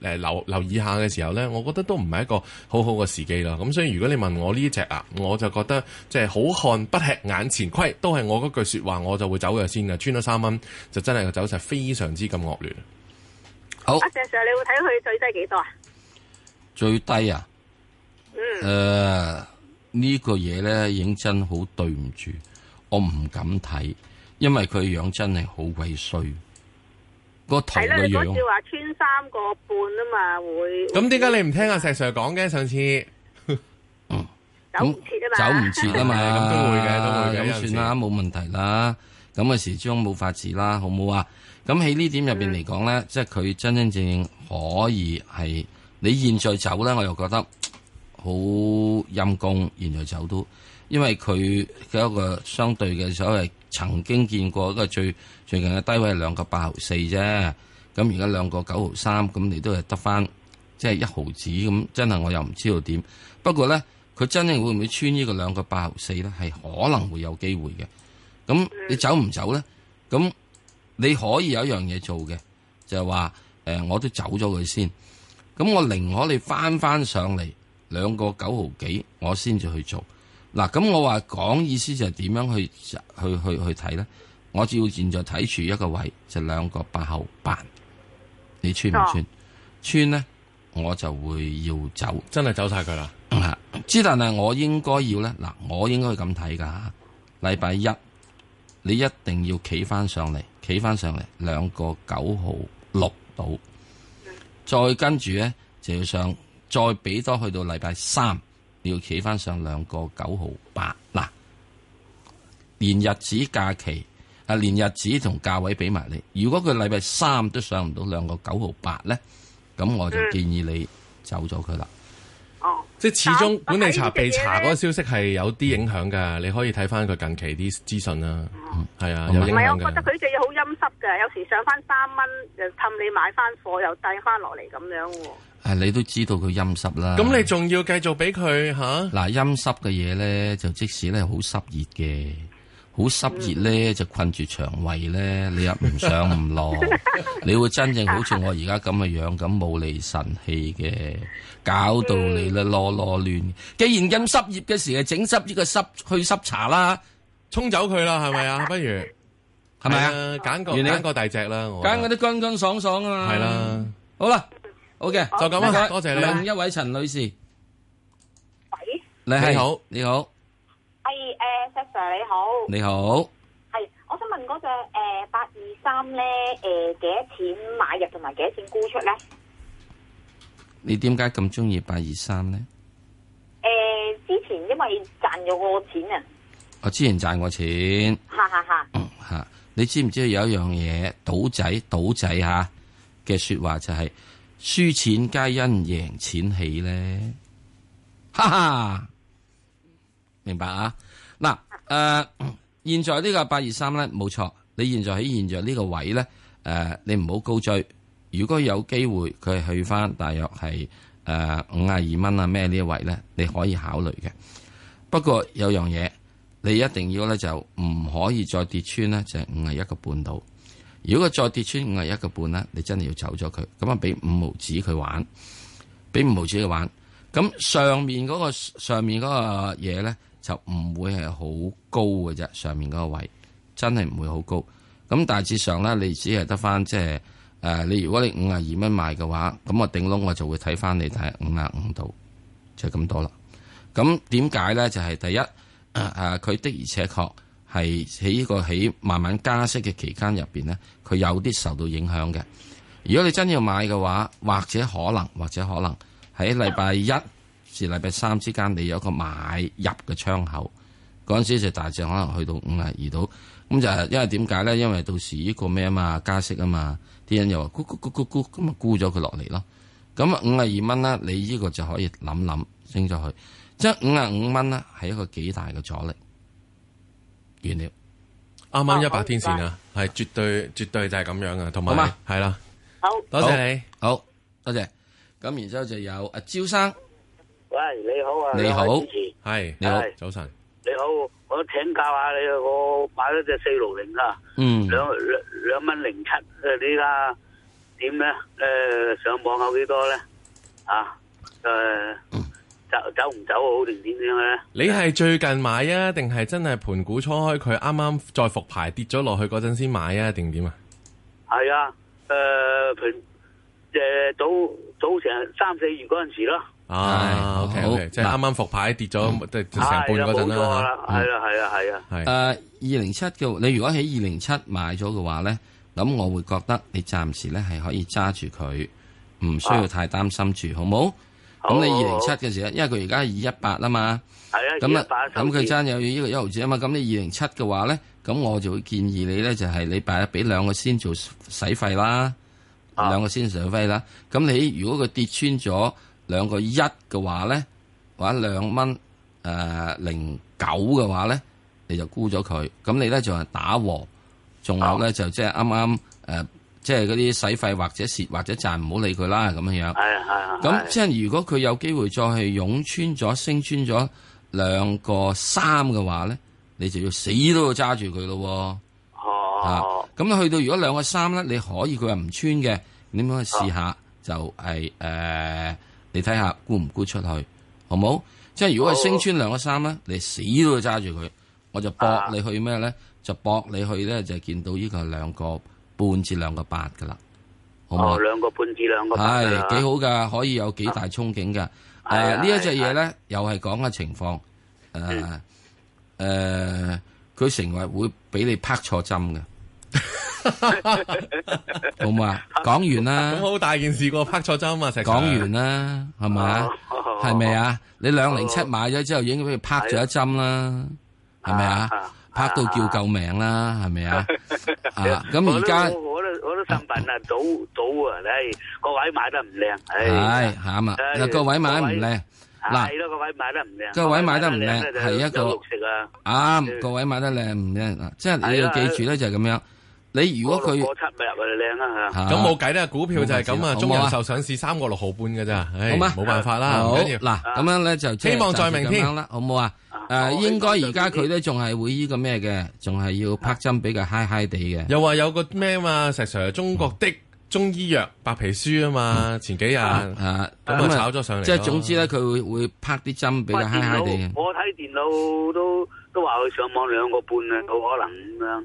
再誒留留意下嘅時候呢，我覺得都唔係一個好好嘅時機咯。咁所以如果你，問我呢隻啊，我就覺得即係好漢不吃眼前虧，都係我嗰句說話，我就會走嘅先㗎，穿咗三蚊就真係個走勢非常之咁惡劣。好，阿石 Sir，你會睇佢最低幾多啊？最低啊，嗯，誒、呃，這個、呢個嘢咧認真好對唔住，我唔敢睇，因為佢樣真係好鬼衰，個頭嘅樣。我照話穿三個半啊嘛，會。咁點解你唔聽阿石 Sir 講嘅？上次？走唔切啊嘛，走唔切啊嘛，咁都會嘅，都會嘅，咁算啦，冇問題啦。咁啊始終冇法治啦，好冇啊？咁喺呢點入邊嚟講咧，嗯、即係佢真真正正可以係你現在走咧，我又覺得好陰功。現在走都因為佢嘅一個相對嘅所謂曾經見過一個最最近嘅低位係兩個八毫四啫，咁而家兩個九毫三，咁你都係得返即係一毫子咁，真係我又唔知道點。不過咧。佢真正會唔會穿呢個兩個八毫四咧？係可能會有機會嘅。咁你走唔走咧？咁你可以有一樣嘢做嘅，就係話誒，我都走咗佢先。咁我寧可你翻翻上嚟兩個九毫幾，我先至去做。嗱，咁我話講意思就係點樣去去去去睇咧？我只要現在睇住一個位，就兩個八毫八。你穿唔穿？哦、穿咧，我就會要走。真係走晒佢啦。 之但係我應該要咧，嗱，我應該咁睇噶。禮拜一你一定要企翻上嚟，企翻上嚟兩個九號六度，再跟住咧就要上，再俾多去到禮拜三要企翻上兩個九號八。嗱，連日子假期啊，連日子同價位俾埋你。如果佢禮拜三都上唔到兩個九號八咧，咁我就建議你走咗佢啦。哦，即係始終管理查被查嗰個消息係有啲影響噶，嗯、你可以睇翻佢近期啲資訊啦。係啊、嗯，唔係，我覺得佢哋好陰濕噶，有時上翻三蚊，又氹你買翻貨，又帶翻落嚟咁樣。誒，你都知道佢陰濕啦。咁你仲要繼續俾佢吓？嗱、啊，陰濕嘅嘢咧，就即使咧好濕熱嘅。好濕熱咧，就困住腸胃咧，你又唔上唔落，你會真正好似我而家咁嘅樣，咁冇利神氣嘅，搞到你咧囉囉攣。既然咁濕熱嘅時候，就整濕呢個濕去濕茶啦，沖走佢啦，係咪啊？不如係咪啊？揀個揀個大隻啦，揀嗰啲乾乾爽爽啊！係啦，好啦，OK 就咁啦，多謝你。另一位陳女士，喂，你好，你好。Sir 你好，你好，係，我想問嗰隻誒八二三咧，誒、呃、幾、呃、多錢買入同埋幾多錢沽出咧？你點解咁中意八二三咧？誒、呃，之前因為賺咗個錢啊！我之前賺過錢，吓吓吓，吓，你知唔知有一樣嘢賭仔賭仔吓嘅說話就係、是、輸錢皆因贏錢起咧，哈哈，明白啊？嗱。誒、呃，現在個呢個八二三咧，冇錯。你現在喺現在呢個位咧，誒、呃，你唔好高追。如果有機會佢去翻大約係誒五十二蚊啊咩呢一位咧，你可以考慮嘅。不過有樣嘢，你一定要咧就唔可以再跌穿咧，就係五十一個半度。如果再跌穿五十一個半咧，你真係要走咗佢。咁啊，俾五毫紙佢玩，俾五毫紙佢玩。咁上面嗰、嗰個上面嗰個嘢咧，就唔會係好高嘅啫，上面嗰個位真係唔會好高。咁大致上咧，你只係得翻即係誒，你如果你五廿二蚊買嘅話，咁我頂籠我就會睇翻你睇五廿五度，就咁、是、多啦。咁點解咧？就係、是、第一誒，佢、呃、的而且確係喺呢個起慢慢加息嘅期間入邊咧，佢有啲受到影響嘅。如果你真要買嘅話，或者可能，或者可能喺禮拜一。是禮拜三之間，你有一個買入嘅窗口，嗰陣時就大只可能去到五啊二度，咁就係因為點解咧？因為到時呢個咩啊嘛，加息啊嘛，啲人又話咕咕咕咕咕，咁啊沽咗佢落嚟咯，咁啊五啊二蚊啦，你呢個就可以諗諗升咗去，即係五啊五蚊啦，係一個幾大嘅阻力。完了，啱啱一百天線啊，係絕對絕對就係咁樣嘅，同埋係啦，好多謝你，好，好多謝，咁然之後就有阿、啊、招生。喂，你好啊好！你好，係你好，早晨。你好，我請教下你，我買咗隻四六零啦，兩兩兩蚊零七，你依家點咧？誒、呃，上網有幾多咧？啊，誒、呃，走走唔走好定點樣咧？你係最近買啊，定係真係盤古初開佢啱啱再復牌跌咗落去嗰陣先買啊？定點啊？係、呃、啊，誒，平誒早早成三四月嗰陣時咯。哦，好，即係啱啱復牌跌咗，即都成半嗰陣啦。係啊，冇錯啦，係啦，係啦，係啊。誒，二零七嘅，你如果喺二零七買咗嘅話咧，咁我會覺得你暫時咧係可以揸住佢，唔需要太擔心住，好冇？咁你二零七嘅時候，因為佢而家係二一八啦嘛，係啊，二一八。咁佢爭有呢個一毫紙啊嘛，咁你二零七嘅話咧，咁我就會建議你咧，就係你拜一俾兩個先做使費啦，兩個先上費啦。咁你如果佢跌穿咗，兩個一嘅話咧，或者兩蚊誒零九嘅話咧，你就沽咗佢。咁你咧就係、是、打和，仲有咧好就即係啱啱誒，即係嗰啲使費或者蝕或者賺，唔好理佢啦咁樣樣。係係。咁那是即係如果佢有機會再去湧穿咗升穿咗兩個三嘅話咧，你就要死都要揸住佢咯，啊。哦，咁去到如果兩個三咧，你可以佢係唔穿嘅，你唔好去試下，嗯、就係、是、誒。就是呃你睇下沽唔沽出去，好冇？即係如果係升穿兩個三咧，你死都要揸住佢，我就博你去咩咧？啊、就博你去咧，就見到呢個係兩個半至兩個八噶啦，好冇？兩、哦、個半至兩個八、哎、幾好噶，可以有幾大憧憬噶。誒，呢一隻嘢咧，啊、又係講嘅情況。誒誒、啊嗯啊，佢成為會俾你拍錯針嘅。好唔好啊？講完啦，咁好大件事過拍錯針啊！成講完啦，係咪啊？係咪啊？你兩零七買咗之後，已經俾佢拍咗一針啦，係咪啊？拍到叫救命啦，係咪啊？啊！咁而家我都我都我都心笨啊！早早啊！你，各位買得唔靚，係啱啊！嗱，各位買得唔靚，嗱，各位買得唔靚，各位買得唔靚，係一個啊！各位買得靚唔靚啊？即係你要記住咧，就係咁樣。你如果佢六七入咪靚啦吓，咁冇計啦，股票就係咁啊，中人壽上市三個六毫半嘅咋，唉，冇辦法啦。嗱，咁樣咧就希望再明天啦，好唔好啊？誒，應該而家佢都仲係會呢個咩嘅，仲係要拍針比較嗨嗨地嘅。又話有個咩嘛，石 Sir，中國的中醫藥白皮書啊嘛，前幾日啊，咁咪炒咗上嚟。即係總之咧，佢會會拍啲針比較嗨嗨地。我睇電腦都都話佢上網兩個半啊，好可能咁樣。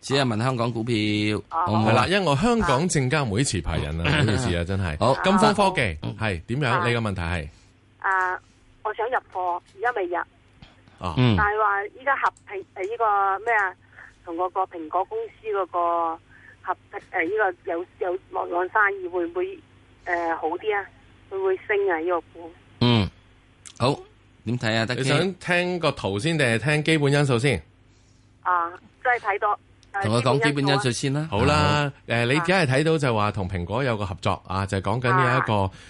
只係問香港股票係啦，因為我香港證監會持牌人啊，呢件事啊真係好，金峰科技係點樣？你個問題係啊，我想入貨，而家未入，但係話依家合蘋誒呢個咩啊，同嗰個蘋果公司嗰個合誒呢個有有兩岸生意會唔會誒好啲啊？會唔會升啊？呢個股嗯好點睇啊？你想聽個圖先定係聽基本因素先啊？即係睇到。同我講基本因素先啦，好啦，誒、啊，你而家係睇到就話同蘋果有個合作啊，啊，就係、是、講緊呢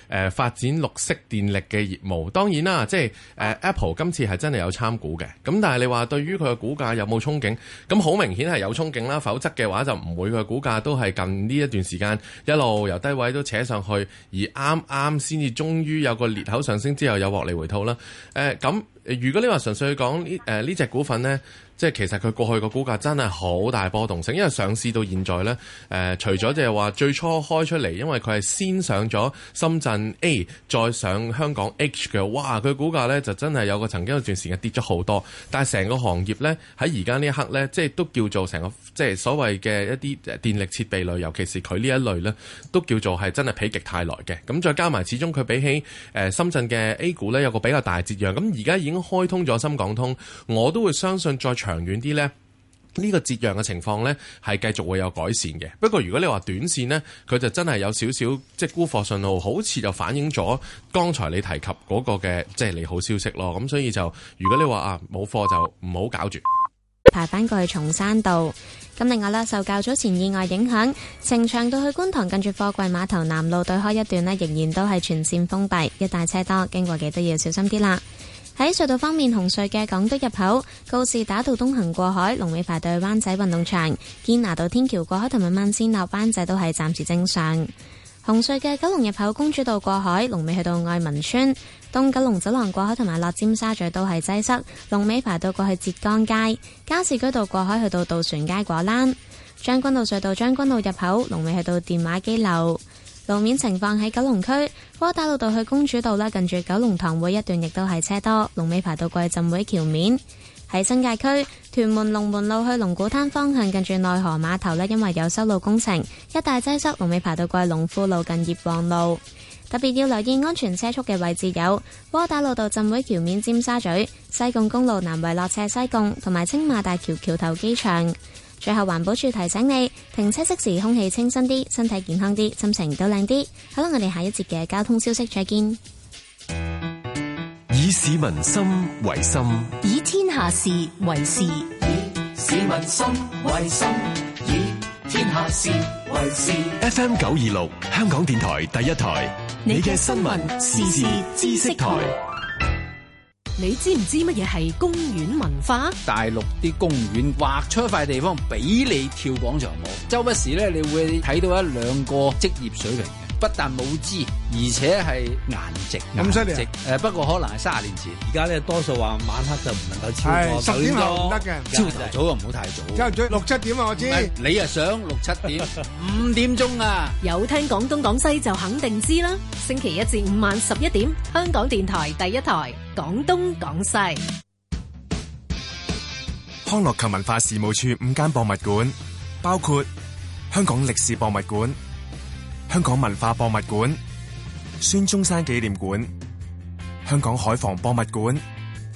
一個誒發展綠色電力嘅業務。當然啦，即係、啊、Apple 今次係真係有參股嘅。咁但係你話對於佢嘅股價有冇憧憬？咁好明顯係有憧憬啦。否則嘅話就唔會佢個股價都係近呢一段時間一路由低位都扯上去，而啱啱先至終於有個裂口上升之後有獲利回吐啦。誒、啊，咁、啊、如果你話純粹去講呢誒呢隻股份呢。即係其實佢過去個股價真係好大波動性，因為上市到現在呢，誒、呃，除咗就係話最初開出嚟，因為佢係先上咗深圳 A，再上香港 H 嘅，哇！佢股價呢就真係有個曾經有段時間跌咗好多。但係成個行業呢，喺而家呢一刻呢，即係都叫做成個即係所謂嘅一啲電力設備類，尤其是佢呢一類呢，都叫做係真係否極太耐否極泰來嘅。咁、嗯、再加埋，始終佢比起誒、呃、深圳嘅 A 股呢，有個比較大折讓。咁而家已經開通咗深港通，我都會相信再長。長遠啲呢，呢個折讓嘅情況呢，係繼續會有改善嘅。不過如果你話短線呢，佢就真係有少少即係沽貨信號，好似就反映咗剛才你提及嗰個嘅即係利好消息咯。咁所以就如果你話啊冇貨就唔好搞住。排返過去松山道，咁另外啦，受較早前意外影響，城牆道去觀塘近住貨櫃碼頭南路對開一段呢，仍然都係全線封閉，一帶車多，經過嘅都要小心啲啦。喺隧道方面，紅隧嘅港島入口告士打道東行過海龍尾排到灣仔運動場，堅拿道天橋過海同埋慢線落灣仔都係暫時正常。紅隧嘅九龍入口公主道過海龍尾去到愛民村，東九龍走廊過海同埋落尖沙咀都係擠塞，龍尾排到過去浙江街，加士居道過海去到渡船街果欄，將軍路隧道將軍路入口龍尾去到電話機樓。路面情況喺九龍區窩打老道去公主道啦，近住九龍塘會一段亦都係車多，龍尾排到過浸會橋面。喺新界區屯門龍門路去龍鼓灘方向，近住內河碼頭咧，因為有修路工程，一帶擠塞，龍尾排到過龍富路近業旺路。特別要留意安全車速嘅位置有窩打老道浸會橋面、尖沙咀西貢公路南圍落斜西貢同埋青馬大橋橋頭機場。最後，環保處提醒你，停車熄匙空氣清新啲，身體健康啲，心情都靚啲。好啦，我哋下一節嘅交通消息再見。以市民心為心，以天下事為事。以市民心為心，以天下事為事。FM 九二六，香港電台第一台，你嘅新聞、時事、知識台。你知唔知乜嘢係公園文化？大陸啲公園劃出一塊地方俾你跳廣場舞，周不時咧，你會睇到一兩個職業水平嘅，不但冇知，而且係顏值。咁犀利？誒，不過可能係卅年前，而家咧多數話晚黑就唔能夠超過十、哎、多點後唔得嘅，朝頭多早又唔好太早。朝頭早六七點啊，我知。你啊想六七點？五 點鐘啊？有聽廣東廣西就肯定知啦。星期一至五晚十一點，香港電台第一台。講東講西，康樂及文化事務處五間博物館，包括香港歷史博物館、香港文化博物館、孫中山紀念館、香港海防博物館，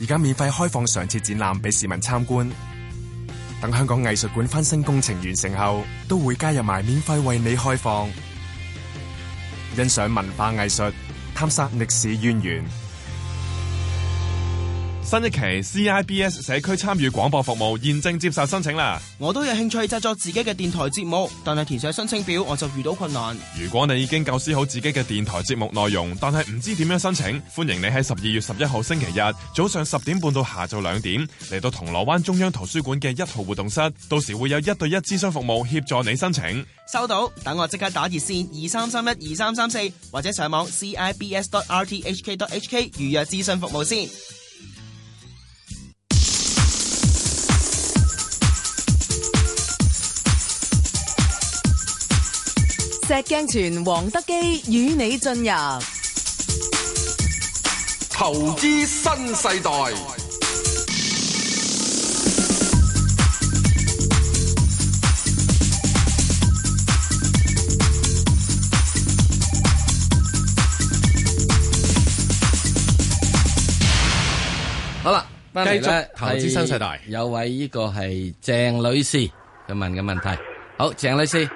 而家免費開放常設展覽俾市民參觀。等香港藝術館翻新工程完成後，都會加入埋免費為你開放，欣賞文化藝術，探索歷史淵源。新一期 CIBS 社區參與廣播服務現正接受申請啦。我都有興趣製作自己嘅電台節目，但係填寫申請表我就遇到困難。如果你已經構思好自己嘅電台節目內容，但係唔知點樣申請，歡迎你喺十二月十一號星期日早上十點半到下晝兩點嚟到銅鑼灣中央圖書館嘅一號活動室，到時會有一對一諮詢服務協助你申請。收到，等我即刻打熱線二三三一二三三四，3 3 34, 或者上網 cibs.dot.rthk.dot.hk 預約諮詢服務先。石鏡泉黃德幾與你進入投資新世代。好啦，繼續投資新世代。有位依個係鄭女士，佢問嘅問題。好，鄭女士。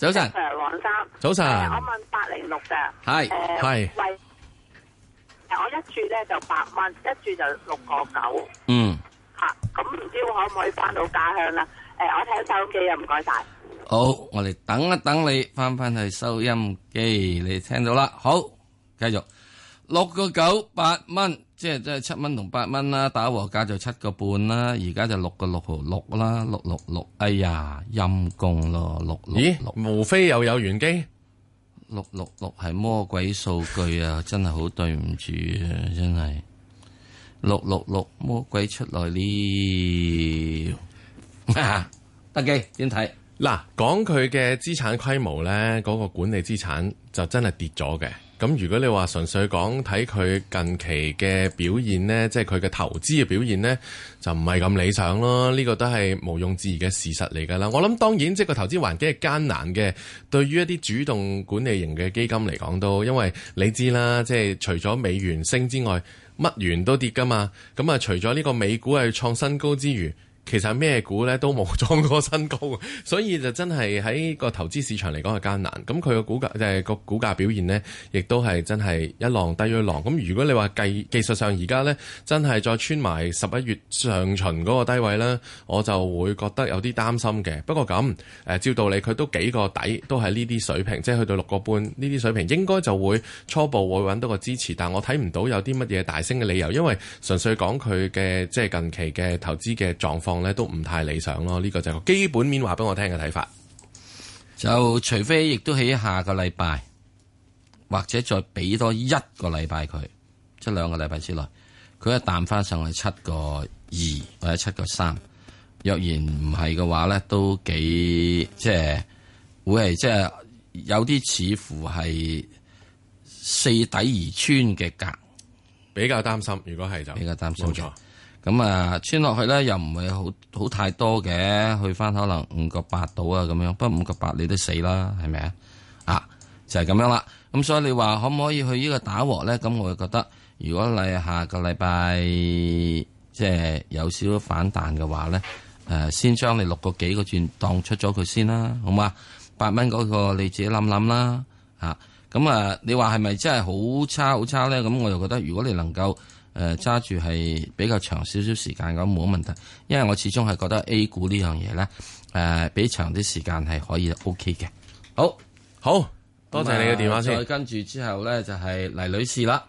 早晨，黃生。早晨，我問八零六嘅，係，係喂我一注咧，就八蚊，一注就六個九。嗯，吓，咁唔知我可唔可以返到家鄉啦？誒，我睇收機啊唔該晒。好，我哋等一等你返返去收音機，你聽到啦。好，繼續六個九八蚊。即係即係七蚊同八蚊啦，打和價就七個半啦，而家就六個六毫六啦，六六六，哎呀，陰公咯，六六六，咦，無非又有玄機，六六六係魔鬼數據啊， 真係好對唔住啊，真係六六六魔鬼出來啦， 德幾點睇？嗱，講佢嘅資產規模咧，嗰個管理資產就真係跌咗嘅。咁如果你話純粹講睇佢近期嘅表現呢，即係佢嘅投資嘅表現呢，就唔係咁理想咯。呢、這個都係毋庸置疑嘅事實嚟㗎啦。我諗當然即係個投資環境係艱難嘅，對於一啲主動管理型嘅基金嚟講都，因為你知啦，即係除咗美元升之外，乜元都跌㗎嘛。咁啊，除咗呢個美股係創新高之餘，其實咩股咧都冇撞過新高，所以就真係喺個投資市場嚟講係艱難。咁佢個股價誒個、呃、股價表現呢，亦都係真係一浪低於一浪。咁如果你話計技，技術上而家呢，真係再穿埋十一月上旬嗰個低位咧，我就會覺得有啲擔心嘅。不過咁誒、呃、照道理佢都幾個底都係呢啲水平，即係去到六個半呢啲水平，應該就會初步會揾到個支持。但我睇唔到有啲乜嘢大升嘅理由，因為純粹講佢嘅即係近期嘅投資嘅狀況。咧都唔太理想咯，呢、這個就係個基本面話俾我聽嘅睇法。就除非亦都喺下個禮拜，或者再俾多一個禮拜佢，即係兩個禮拜之內，佢一彈翻上去七個二或者七個三。若然唔係嘅話咧，都幾即係會係即係有啲似乎係四底而穿嘅格，比較擔心。如果係就比較擔心嘅錯。咁啊，穿落去咧又唔係好好太多嘅，去翻可能五個八到啊咁樣，不過五個八你都死啦，係咪啊？啊，就係、是、咁樣啦。咁所以你話可唔可以去呢個打鑊咧？咁我就覺得，如果你下個禮拜即係有少少反彈嘅話咧，誒、呃，先將你六個幾嗰轉當出咗佢先啦，好嘛？八蚊嗰個你自己諗諗啦，啊，咁啊，你話係咪真係好差好差咧？咁我就覺得，如果你能夠，誒，揸、呃、住係比較長少少時間咁冇問題，因為我始終係覺得 A 股呢樣嘢咧，誒、呃，畀長啲時間係可以 OK 嘅。好好，嗯、多謝你嘅電話先。啊、跟住之後咧就係、是、黎女士啦，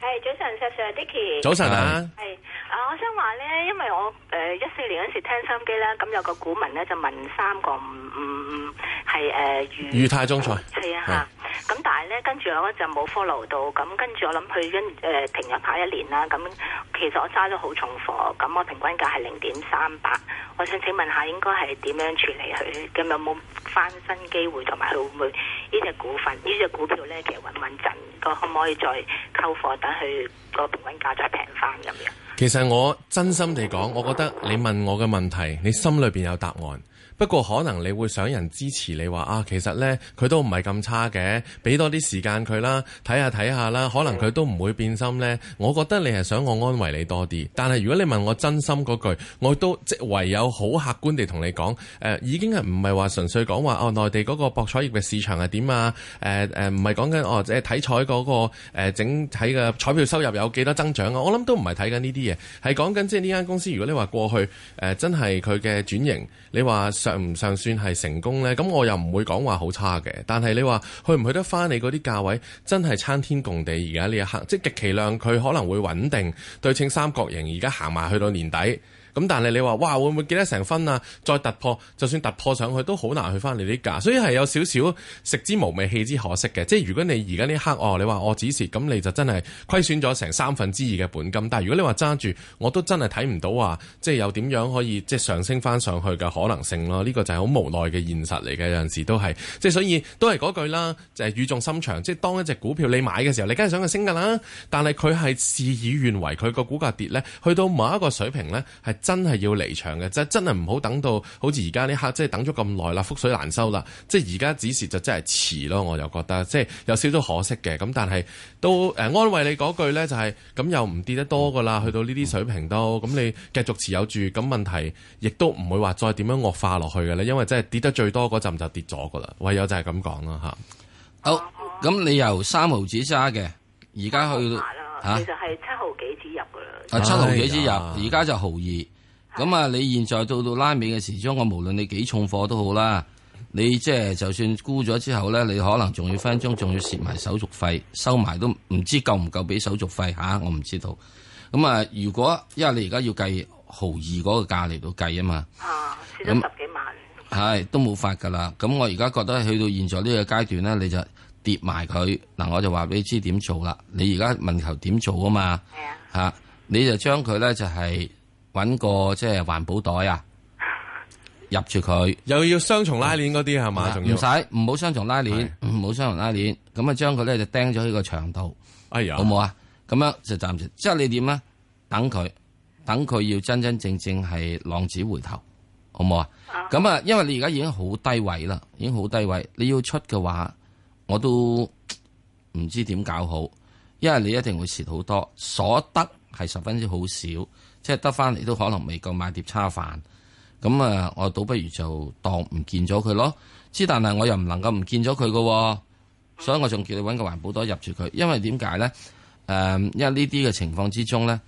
係早晨，Sir Dickie 早晨啊。是啊，我想話咧，因為我誒一四年嗰時聽收音機咧，咁、嗯、有個股民咧就問三個五五五係誒裕裕泰中菜。係啊嚇，咁是、嗯、但係咧跟住我咧就冇 follow 到，咁、嗯、跟住我諗佢跟誒停入下一年啦。咁、嗯、其實我揸咗好重貨，咁、嗯、我平均價係零點三八。我想請問下，應該係點樣處理佢？咁有冇翻身機會？同埋佢會唔會呢隻股份呢隻、這個、股票咧其實穩唔穩陣？個可唔可以再溝貨等佢個平均價再平翻咁樣？其實我真心哋講，我覺得你問我嘅問題，你心裏邊有答案。不過可能你會想人支持你話啊，其實呢，佢都唔係咁差嘅，俾多啲時間佢啦，睇下睇下啦，可能佢都唔會變心呢。我覺得你係想我安慰你多啲。但係如果你問我真心句，我都即唯有好客觀地同你講，誒、呃、已經係唔係話純粹講話哦內地嗰個博彩業嘅市場係點啊？誒誒唔係講緊哦即係睇彩嗰、嗰個、呃、整體嘅彩票收入有幾多增長啊？我諗都唔係睇緊呢啲嘢，係講緊即係呢間公司如果你話過去誒、呃、真係佢嘅轉型，你話。上唔上算係成功呢？咁我又唔會講話好差嘅，但係你話去唔去得翻？你嗰啲價位真係差天共地，而家呢一刻，即係極其量，佢可能會穩定對稱三角形，而家行埋去到年底。咁但係你話哇會唔會記得成分啊？再突破就算突破上去都好難去翻你啲價，所以係有少少食之無味棄之可惜嘅。即係如果你而家呢刻哦，你話我止蝕咁，你就真係虧損咗成三分之二嘅本金。但係如果你話揸住我都真係睇唔到話，即係有點樣可以即係上升翻上去嘅可能性咯。呢個就係好無奈嘅現實嚟嘅，有陣時都係即係所以都係嗰句啦，就係語重心長。即係當一隻股票你買嘅時候，你梗係想佢升㗎啦，但係佢係事與願違，佢個股價跌呢，去到某一個水平呢。係。真係要離場嘅，就真係唔好等到好似而家呢刻，即係等咗咁耐啦，覆水難收啦。即係而家止蝕就真係遲咯，我就覺得，即係有少少可惜嘅。咁但係都誒安慰你嗰句咧，就係咁又唔跌得多噶啦，去到呢啲水平都，咁你繼續持有住。咁問題亦都唔會話再點樣惡化落去嘅咧，因為真係跌得最多嗰陣就跌咗噶啦。唯有就係咁講啦吓，好，咁你由三毫子揸嘅，而家去吓，其實係七毫幾子入噶啦。七毫幾子入，而家就毫二。咁啊，你現在到到拉尾嘅時，將我無論你幾重貨都好啦，你即係就算沽咗之後咧，你可能仲要分鐘，仲要蝕埋手續費，收埋都唔知夠唔夠俾手續費吓、啊，我唔知道。咁啊，如果因為你而家要計毫二嗰個價嚟到計啊嘛，啊，蝕咗十幾萬，係都冇法噶啦。咁我而家覺得去到現在呢個階段咧，你就跌埋佢。嗱，我就話俾你知點做啦。你而家問求點做啊嘛，係的啊，吓你就將佢咧就係、是。揾個即係環保袋啊，入住佢，又要雙重拉鏈嗰啲係嘛？唔使、嗯，唔好雙重拉鏈，唔好雙重拉鏈，咁啊將佢咧就釘咗喺個牆度，好冇啊？咁樣就暫、哎、呀時。即係你點咧？等佢，等佢要真真正正係浪子回頭，好冇啊？咁啊，因為你而家已經好低位啦，已經好低位，你要出嘅話，我都唔知點搞好，因為你一定會蝕好多，所得係十分之好少。即係得翻嚟都可能未夠買碟叉飯，咁啊，我倒不如就當唔見咗佢咯。之但係我又唔能夠唔見咗佢噶，所以我仲叫你揾個環保袋入住佢。因為點解咧？誒、呃，因為呢啲嘅情況之中咧，誒、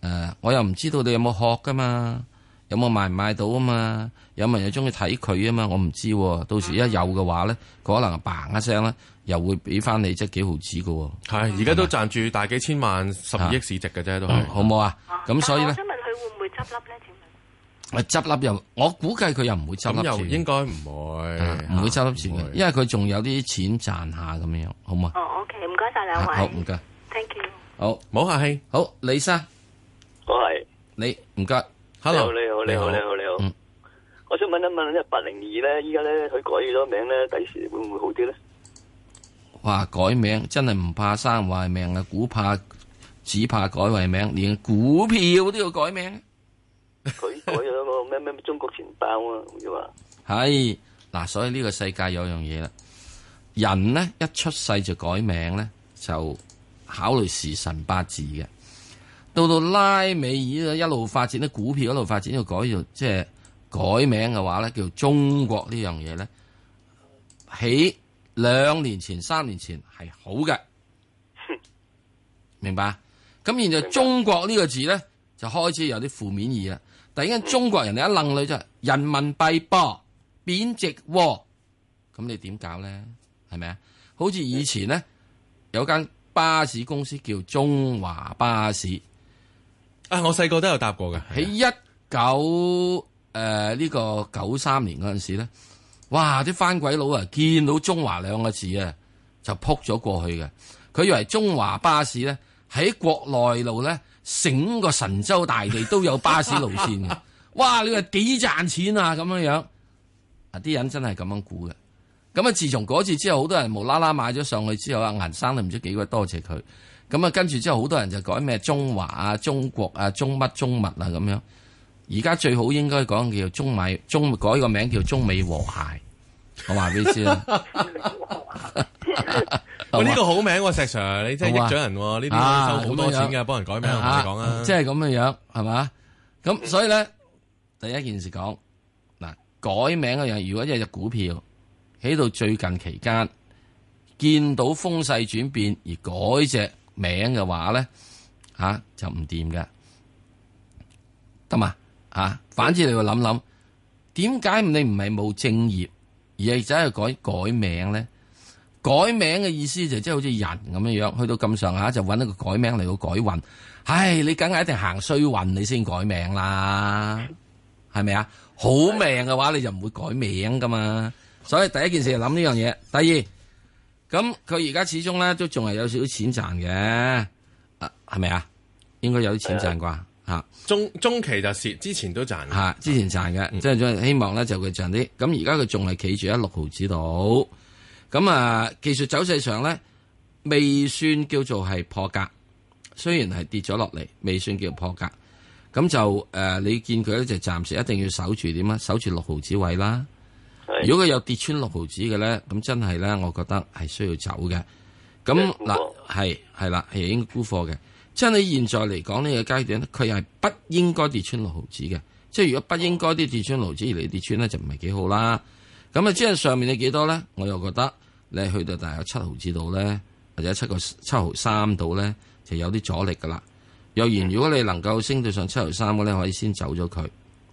呃，我又唔知道你有冇學噶嘛？有冇賣唔賣到啊？嘛，有冇人又中意睇佢啊？嘛，我唔知。到時一有嘅話咧，佢可能嘭一聲咧，又會俾翻你即係幾毫子嘅。係而家都賺住大幾千萬、十億市值嘅啫，都好唔好啊？咁所以咧，我想問佢會唔會執笠咧？點啊？執笠又我估計佢又唔會執笠住，應該唔會，唔會執笠住，因為佢仲有啲錢賺下咁樣，好嘛？哦，OK，唔該晒兩位，好唔該，Thank you。好，唔好客氣。好，李生喂，你唔該。hello 你好你好你好你好,你好、嗯、我想問一問一八零二咧，依家咧佢改咗名咧，第時會唔會好啲咧？哇，改名真係唔怕生壞命啊！股怕，只怕改為名，連股票都要改名。佢改咗個咩咩中國錢包啊咁樣啊？係嗱，所以呢個世界有樣嘢啦，人咧一出世就改名咧，就考慮時辰八字嘅。到到拉美而一路發展咧，股票一路發展要改做即係改名嘅話咧，叫中國呢樣嘢咧，喺兩年前、三年前係好嘅， 明白？咁現在中國呢個字咧就開始有啲負面意義啊！突然間中國人哋一愣你就係人民幣波貶值喎，咁你點搞咧？係咪啊？好似以前咧有間巴士公司叫中華巴士。啊！我、這、細個都有搭過嘅，喺一九誒呢個九三年嗰陣時咧，哇！啲番鬼佬啊，見到中華兩個字啊，就撲咗過去嘅。佢以為中華巴士咧喺國內路咧，整個神州大地都有巴士路線嘅。 哇！你話幾賺錢啊？咁樣樣啊，啲人真係咁樣估嘅。咁啊，自從嗰次之後，好多人無啦啦買咗上去之後啊，銀生都唔知幾鬼多謝佢。咁啊，跟住之後，好多人就改咩中華啊、中國啊、中乜中物啊咁樣。而家最好應該講叫中美中改個名叫中美和諧。我話俾你知啦。喂，呢個好名喎，石 Sir 你真係益咗人喎。呢啲收好多錢嘅，幫人改名同佢講啦。即係咁嘅樣，係嘛？咁所以咧，第一件事講嗱，改名嘅人如果一隻股票喺度最近期間見到風勢轉變而改隻名嘅話咧，吓、啊、就唔掂噶，得嘛？吓、啊，反之你要諗諗，點解你唔係冇正業，而係走去改改名咧？改名嘅意思就是，即係好似人咁樣樣，去到咁上下就揾一個改名嚟到改運。唉，你梗係一定行衰運，你先改名啦，係咪啊？好命嘅話，你就唔會改名噶嘛。所以第一件事就諗呢樣嘢，第二。咁佢而家始終咧都仲係有少少錢賺嘅，啊係咪啊？應該有啲錢賺啩吓。中中期就蝕，之前都賺吓、啊，之前賺嘅，即係、總係、希望咧就佢賺啲。咁而家佢仲係企住喺六毫子度。咁啊技術走勢上咧未算叫做係破格，雖然係跌咗落嚟，未算叫破格。咁就誒、啊，你見佢咧就暫時一定要守住點啊？守住六毫子位啦。如果佢有跌穿六毫子嘅咧，咁真係咧，我覺得係需要走嘅。咁嗱，係係、嗯、啦，係、嗯、應該沽貨嘅。即係你現在嚟講呢個階段，佢係不應該跌穿六毫子嘅。即係如果不應該啲跌穿六毫子而嚟跌穿咧，就唔係幾好啦。咁啊，即係上面你幾多咧？我又覺得你去到大約七毫子度咧，或者七個七毫三度咧，就有啲阻力噶啦。若然，如果你能夠升到上七毫三嘅咧，可以先走咗佢，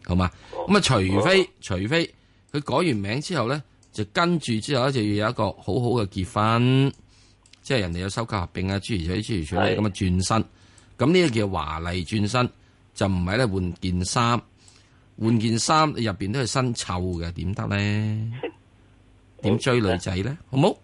好嘛？咁啊、嗯，除非除非。嗯佢改完名之後咧，就跟住之後咧就要有一個好好嘅結婚，即係人哋有收購合併啊，諸如此類，諸如此類咧，咁啊轉身，咁呢個叫華麗轉身，就唔係咧換件衫，換件衫，入邊都係身臭嘅，點得咧？點追女仔咧？好冇？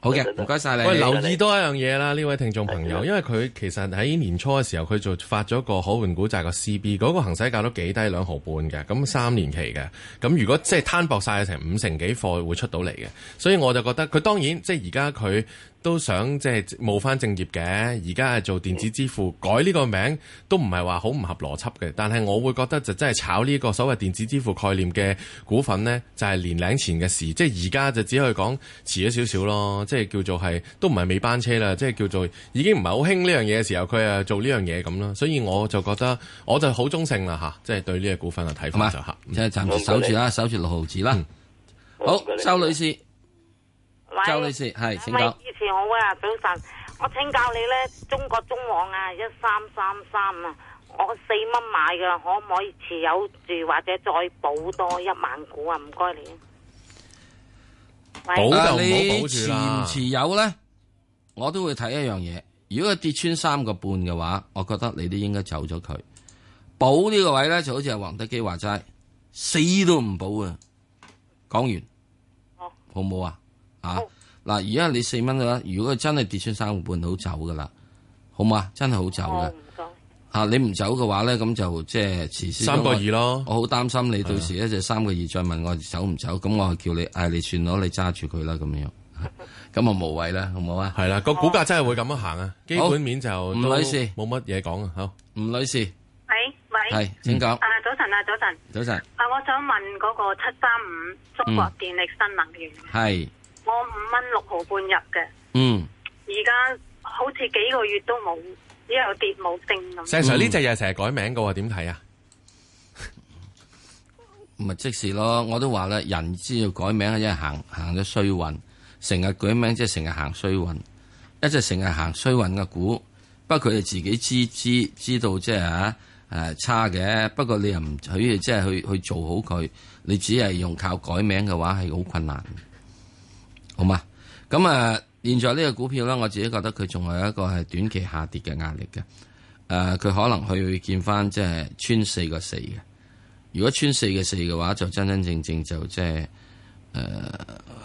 好嘅，唔該晒你。喂，留意多一樣嘢啦，呢位聽眾朋友，因為佢其實喺年初嘅時候，佢就發咗個可換股債個 CB，嗰個行使價都幾低，兩毫半嘅，咁三年期嘅，咁如果即係攤薄晒成五成幾貨會出到嚟嘅，所以我就覺得佢當然即係而家佢。就是都想即係冇翻正業嘅，而家係做電子支付，嗯、改呢個名都唔係話好唔合邏輯嘅。但係我會覺得就真係炒呢個所謂電子支付概念嘅股份呢，就係、是、年零前嘅事，即係而家就只可以講遲咗少少咯，即、就、係、是、叫做係都唔係尾班車啦，即、就、係、是、叫做已經唔係好興呢樣嘢嘅時候，佢誒做呢樣嘢咁啦。所以我就覺得我就好中性啦吓，即、就、係、是、對呢個股份嘅睇法就吓，即係暫時守住啦，守住六毫子啦。好，周、嗯、女士。周女士係，請教喂。是是支持我啊，早晨，我請教你咧。中國忠旺啊，一三三三啊，我四蚊買噶，可唔可以持有住，或者再補多一萬股啊？唔該你。補就唔、啊、持唔持有咧，我都會睇一樣嘢。如果佢跌穿三個半嘅話，我覺得你都應該走咗佢。補呢個位咧，就好似黃德幾話齋，死都唔補啊。講完好，好冇啊？嗱，而家、啊、你四蚊嘅啦，如果真係跌穿三個半，好走噶啦，好嘛？真係好走噶。吓、啊、你唔走嘅話咧，咁就即係遲啲。三個二咯，2 2. 我好擔心你到時一隻三個二再問我走唔走，咁我叫你嗌、啊、你算咯，你揸住佢啦咁樣。咁 啊無謂啦，好唔好啊？係啦，個股價真係會咁樣行啊，基本面就吳女士冇乜嘢講啊，好。吳女士，喂士喂，係，請講、啊。早晨啊，早晨，早晨。啊，我想問嗰個七三五中國電力新能源係。嗯我五蚊六毫半入嘅，嗯，而家好似幾個月都冇，只有跌冇定。咁、嗯。正常呢隻嘢成日改名噶喎，點睇啊？咪 即時咯，我都話啦，人只要改名，一係行行咗衰運，成日改名即係成日行衰運，一隻成日行衰運嘅股，不過佢哋自己知知知道即係吓誒差嘅，不過你又唔取，即係去去做好佢，你只係用靠改名嘅話係好困難。好嘛？咁啊，現在呢個股票咧，我自己覺得佢仲係一個係短期下跌嘅壓力嘅。誒、呃，佢可能去見返即係穿四個四嘅。如果穿四個四嘅話，就真真正正就即係誒。呃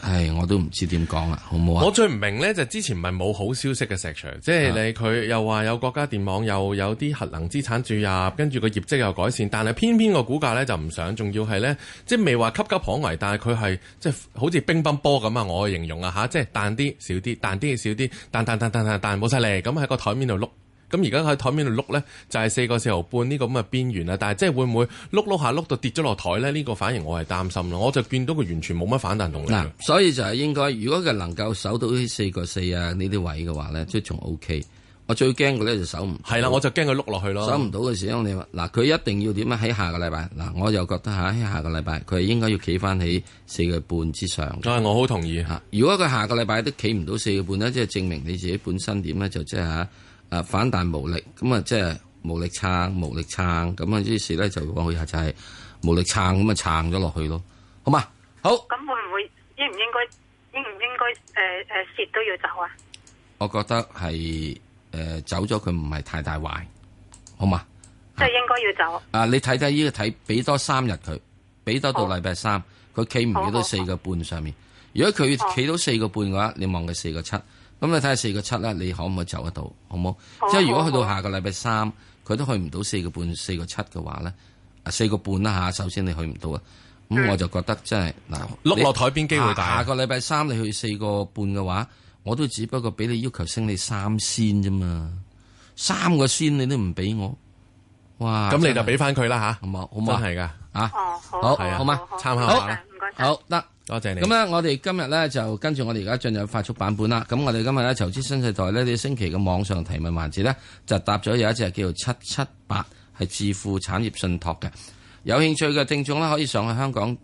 係，我都唔知點講啦，好唔好啊？我最唔明咧就之前唔係冇好消息嘅石場，即係你佢又話有國家電網又有啲核能資產注入，跟住個業績又改善，但係偏偏個股價咧就唔上，仲要係咧即係未話岌岌可危，但係佢係即係好似乒乓波咁啊！我形容啊吓，即係彈啲少啲，彈啲少啲，彈彈彈彈彈彈冇晒嚟，咁喺個台面度碌。咁而家喺台面度碌咧，就係、是、四個四毫半呢個咁嘅邊緣啦。但係即係會唔會碌碌下碌到跌咗落台咧？呢、這個反而我係擔心咯。我就見到佢完全冇乜反彈動力。嗱、啊，所以就係應該，如果佢能夠守到四個四啊呢啲位嘅話咧，即係仲 OK。我最驚嘅咧就守唔到。係啦，我就驚佢碌落去咯。守唔到嘅時候，你話嗱，佢、啊、一定要點啊？喺、啊、下個禮拜嗱、啊，我又覺得吓喺下個禮拜佢應該要企返喺四個半之上。所以我好同意吓、啊。如果佢下個禮拜都企唔到四個半咧，即係證明你自己本身點咧，就即係吓。啊啊！反彈無力，咁啊，即係無力撐，無力撐，咁啊，啲事咧就講佢下就係無力撐，咁啊撐咗落去咯。好嘛？好。咁會唔會應唔應該應唔應該誒誒蝕都要走啊？我覺得係誒、呃、走咗佢唔係太大壞，好嘛？即係應該要走。啊！你睇睇呢個睇，俾多三日佢，俾多到禮拜三，佢企唔企到四個半上面。如果佢企到四個半嘅話，你望佢四個七。咁你睇下四個七啦，你可唔可以走得到，好冇？即係如果去到下個禮拜三，佢都去唔到四個半、四個七嘅話咧，四個半啦吓，首先你去唔到啊。咁我就覺得真係嗱，碌落台邊機會大。下個禮拜三你去四個半嘅話，我都只不過俾你要求升你三仙啫嘛，三個仙你都唔俾我，哇！咁你就俾翻佢啦吓，好唔好？真係噶，吓，好，好嗎？參考下啦，唔該，好得。多謝你。咁咧，我哋今日咧就跟住我哋而家進入快速版本啦。咁我哋今日咧投資新世代呢，呢星期嘅網上提問環節咧，就答咗有一隻叫做七七八，係置富產業信託嘅。有興趣嘅聽眾呢，可以上去香港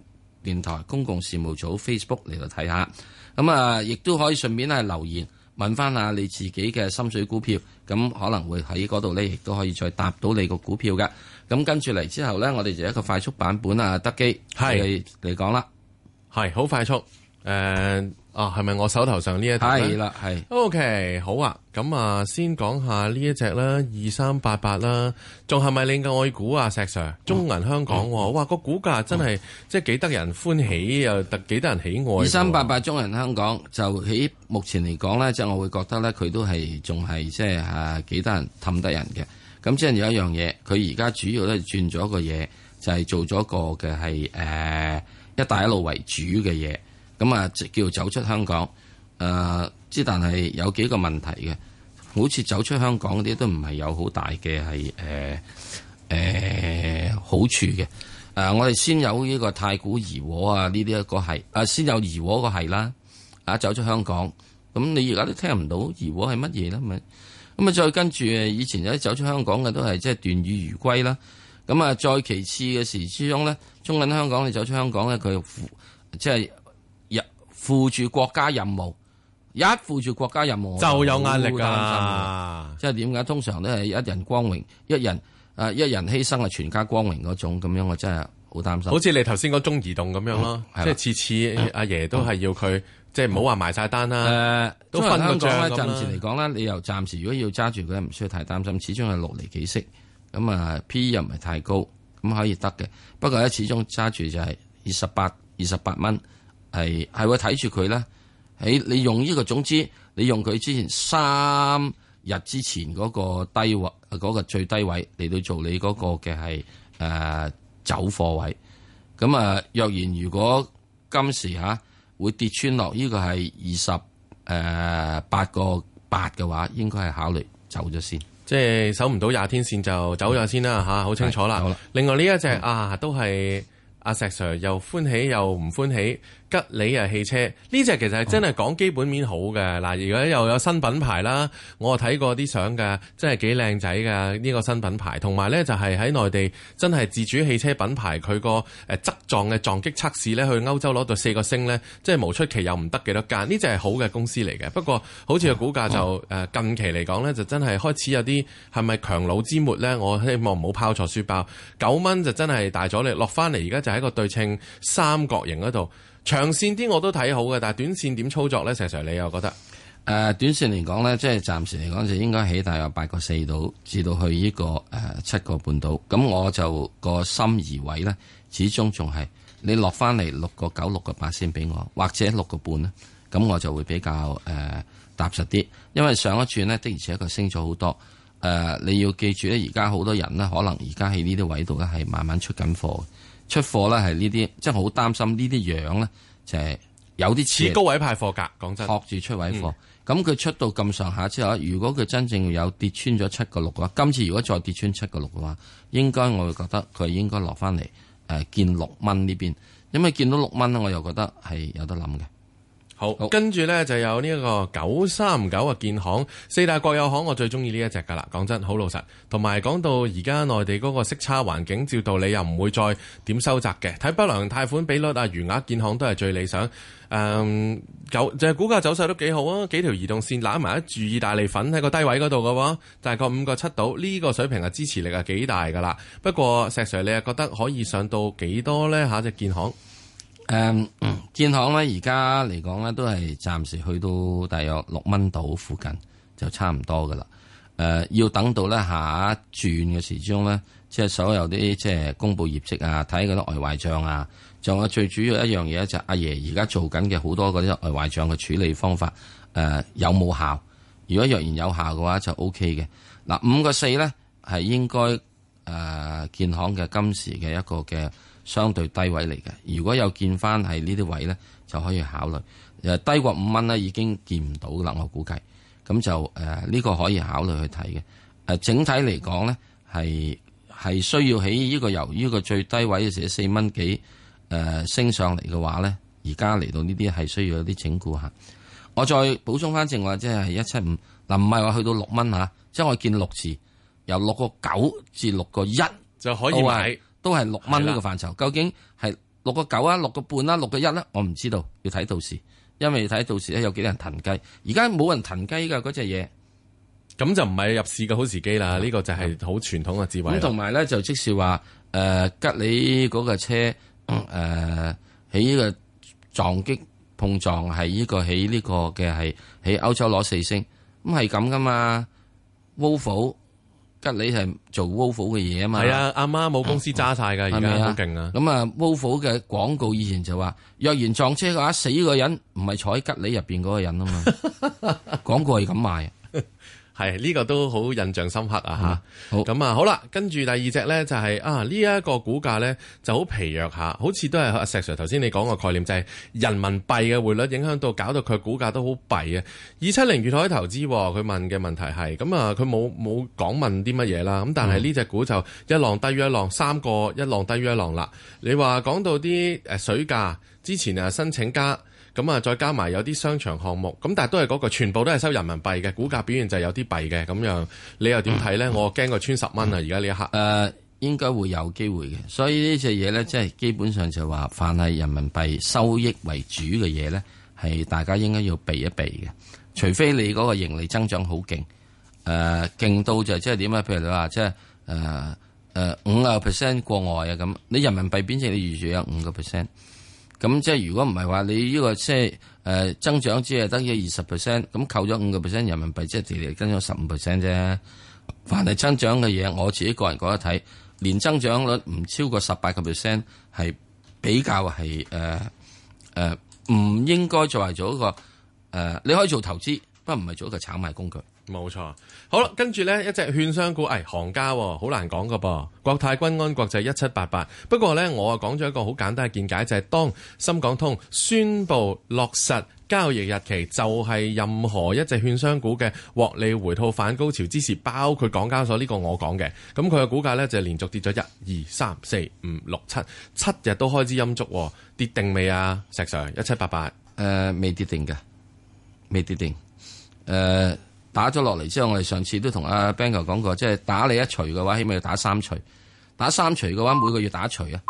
電台公共事務組 Facebook 嚟到睇下。咁啊，亦都可以順便咧留言問翻下你自己嘅心水股票，咁可能會喺嗰度呢，亦都可以再答到你個股票嘅。咁跟住嚟之後呢，我哋就一個快速版本啊，德基嚟嚟是講啦。係好快速誒、呃、啊係咪我手頭上呢一？係啦係。O、okay, K 好啊，咁啊先講下呢一隻啦，二三八八啦，仲係咪你嘅愛股啊？石 Sir，中銀香港、啊嗯、哇、個股價真係、嗯、即係幾得人歡喜又特幾得人喜愛、啊。二三八八中銀香港就喺目前嚟講咧，即、就、係、是、我會覺得咧，佢都係仲係即係啊幾得人氹得人嘅。咁即係有一樣嘢，佢而家主要咧轉咗個嘢，就係、是、做咗個嘅係誒。啊一大一路為主嘅嘢，咁啊，即叫走出香港，誒、呃，之但係有幾個問題嘅，好似走出香港嗰啲都唔係有好大嘅係誒誒好處嘅，誒、呃，我哋先有呢個太古怡和啊，呢啲一個係，啊，先有怡和個係啦，啊，走出香港，咁你而家都聽唔到怡和係乜嘢啦，咪。咁啊，再跟住以前有啲走出香港嘅都係即係斷羽如歸啦，咁啊，再其次嘅時之中咧。中銀香港，你走出香港咧，佢負即係負住國家任務，一負住國家任務我就，就有壓力啦。即係點解？通常都係一人光榮，一人啊、呃，一人犧牲啊，全家光榮嗰種咁樣，我真係好擔心。好似你頭先講中移動咁樣咯，即係、嗯、次次阿、嗯、爺、爺都係要佢即係唔好話埋晒單啦。誒、嗯，都分咗帳咁啦。暫時嚟講啦，你又暫時如果要揸住佢，唔需要太擔心。始終係六厘幾息咁啊，P E 又唔係太高。咁可以得嘅，不過咧，始終揸住就係二十八二十八蚊，係係會睇住佢咧。喺你用呢個總之，你用佢之前三日之前嗰個低位，嗰個最低位嚟到做你嗰個嘅係誒走貨位。咁啊、呃，若然如果今時吓、啊、會跌穿落呢個係二十誒八個八嘅話，應該係考慮走咗先。即係守唔到廿天線就走咗先啦。吓，好、嗯啊、清楚啦。另外呢一隻、嗯、啊，都係阿石 Sir 又歡喜又唔歡喜。吉利啊，汽車呢隻、這個、其實係真係講基本面好嘅嗱，如果、哦、又有新品牌啦，我睇過啲相嘅，真係幾靚仔嘅呢個新品牌，同埋呢，就係喺內地真係自主汽車品牌，佢個誒側撞嘅撞擊測試呢，去歐洲攞到四個星呢，即係無出奇又唔得幾多間，呢隻係好嘅公司嚟嘅。不過好似個股價就誒、哦、近期嚟講呢，就真係開始有啲係咪強弩之末呢？我希望唔好拋錯書包，九蚊就真係大咗你落翻嚟，而家就喺個對稱三角形嗰度。長線啲我都睇好嘅，但係短線點操作咧？石 Sir 你又覺得？誒、呃，短線嚟講咧，即係暫時嚟講就應該起大約八個四到至到去呢、這個誒七、呃、個半度。咁我就、那個心儀位咧，始終仲係你落翻嚟六個九、六個八先俾我，或者六個半咧，咁我就會比較誒、呃、踏實啲。因為上一轉咧的而且確升咗好多。誒、呃，你要記住咧，而家好多人咧，可能而家喺呢啲位度咧係慢慢出緊貨。出貨咧係呢啲，即係好擔心呢啲樣咧，就係有啲似高位派貨價，講真托住出位貨。咁佢、嗯、出到咁上下之後，如果佢真正有跌穿咗七個六嘅話，今次如果再跌穿七個六嘅話，應該我會覺得佢應該落翻嚟誒見六蚊呢邊，因為見到六蚊咧，我又覺得係有得諗嘅。好，跟住呢就有呢一個九三九嘅建行四大國有行，我最中意呢一隻噶啦。講真，好老實。同埋講到而家內地嗰個息差環境，照道理又唔會再點收窄嘅。睇不良貸款比率啊，餘額建行都係最理想。誒、嗯，九就係、是、股價走勢都幾好啊，幾條移動線攬埋一住意大利粉喺個低位嗰度嘅話，大概五個七度。呢、這個水平啊，支持力係幾大噶啦。不過石 Sir 你又覺得可以上到幾多呢？下隻建行？誒，um, 建行咧而家嚟講咧都係暫時去到大約六蚊度附近就差唔多噶啦。誒、呃，要等到咧下一轉嘅時鐘咧，即係所有啲即係公布業績啊，睇嗰啲外壞賬啊，仲有最主要一樣嘢就係、阿爺而家做緊嘅好多嗰啲外壞賬嘅處理方法誒、呃、有冇效？如果若然有效嘅話就 OK 嘅。嗱五個四咧係應該誒、呃、建行嘅今時嘅一個嘅。相對低位嚟嘅，如果有見翻係呢啲位咧，就可以考慮。誒低過五蚊咧，已經見唔到啦，我估計。咁就誒呢、呃這個可以考慮去睇嘅。誒、呃、整體嚟講咧，係係需要喺呢個由呢個最低位嘅時四蚊幾誒升上嚟嘅話咧，而家嚟到呢啲係需要有啲整固下。我再補充翻正話，即係一七五嗱，唔係話去到六蚊吓，即、啊、係、就是、我見六次，由六個九至六個一就可以買，都係六蚊呢個範疇，的究竟係六個九啊，六個半啦，六個一啦，我唔知道，要睇到時，因為睇到時咧有幾多人騰雞，而家冇人騰雞噶嗰隻嘢，咁、那個、就唔係入市嘅好時機啦，呢個就係好傳統嘅智慧。咁同埋咧就即是話，誒、呃、吉利嗰個車，誒喺呢個撞擊碰撞係呢個喺呢、這個嘅係喺歐洲攞四星，咁係咁噶嘛，Wolf。吉利係做 Volvo 嘅嘢啊嘛，係 啊，阿媽冇公司揸晒噶，而家好勁啊。咁啊，Volvo 嘅廣告以前就話，若然撞車嘅話，死個人唔係坐喺吉利入邊嗰個人啊嘛，廣 告係咁賣。係呢、這個都好印象深刻啊！嚇、嗯，咁啊，好啦，跟住第二隻呢，就係、是、啊呢一、這個股價呢，就好疲弱下好似都係阿石 Sir 頭先你講個概念，就係、是、人民幣嘅匯率影響到，搞到佢股價都好弊啊！二七零粵海投資、啊，佢問嘅問題係咁啊，佢冇冇講問啲乜嘢啦？咁但係呢隻股就一浪低於一浪，三個一浪低於一浪啦。你話講到啲誒水價之前啊，申請加。咁啊，再加埋有啲商場項目，咁但係都係嗰、嗰個，全部都係收人民幣嘅，股價表現就有啲弊嘅咁樣，你又點睇咧？嗯、我驚佢穿十蚊啊！而家呢下誒應該會有機會嘅，所以呢隻嘢咧，即係基本上就話，凡係人民幣收益為主嘅嘢咧，係大家應該要避一避嘅，除非你嗰個盈利增長好勁，誒、呃、勁到就係、即係點啊？譬如你話即係誒誒五個 percent 過外啊咁，你人民幣變成你預住有五個 percent。咁即係如果唔係話你呢、這個即係誒增長只係等於二十 percent，咁扣咗五個 percent 人民幣，即係地利跟咗十五 percent 啫。凡係增長嘅嘢，我自己個人覺得睇，年增長率唔超過十八個 percent 係比較係誒誒唔應該作為做一個誒、uh, 你可以做投資，不過唔係做一個炒賣工具。冇錯，好啦，跟住呢，一隻券商股，誒、哎，行家好、哦、難講噶噃，國泰君安國際一七八八。不過呢，我啊講咗一個好簡單嘅見解，就係、是、當深港通宣布落實交易日期，就係任何一隻券商股嘅獲利回吐反高潮之時，包括港交所呢、這個我講嘅。咁佢嘅股價呢，就係連續跌咗一、二、三、四、五、六、七七日都開支陰燭，跌定未啊，石 Sir, s 一七八八誒，未跌定嘅，未跌定誒。呃打咗落嚟之後，我哋上次都同阿 Bangor 講過，即係打你一槌嘅話，起碼要打三槌。打三槌嘅話，每個月打一槌啊！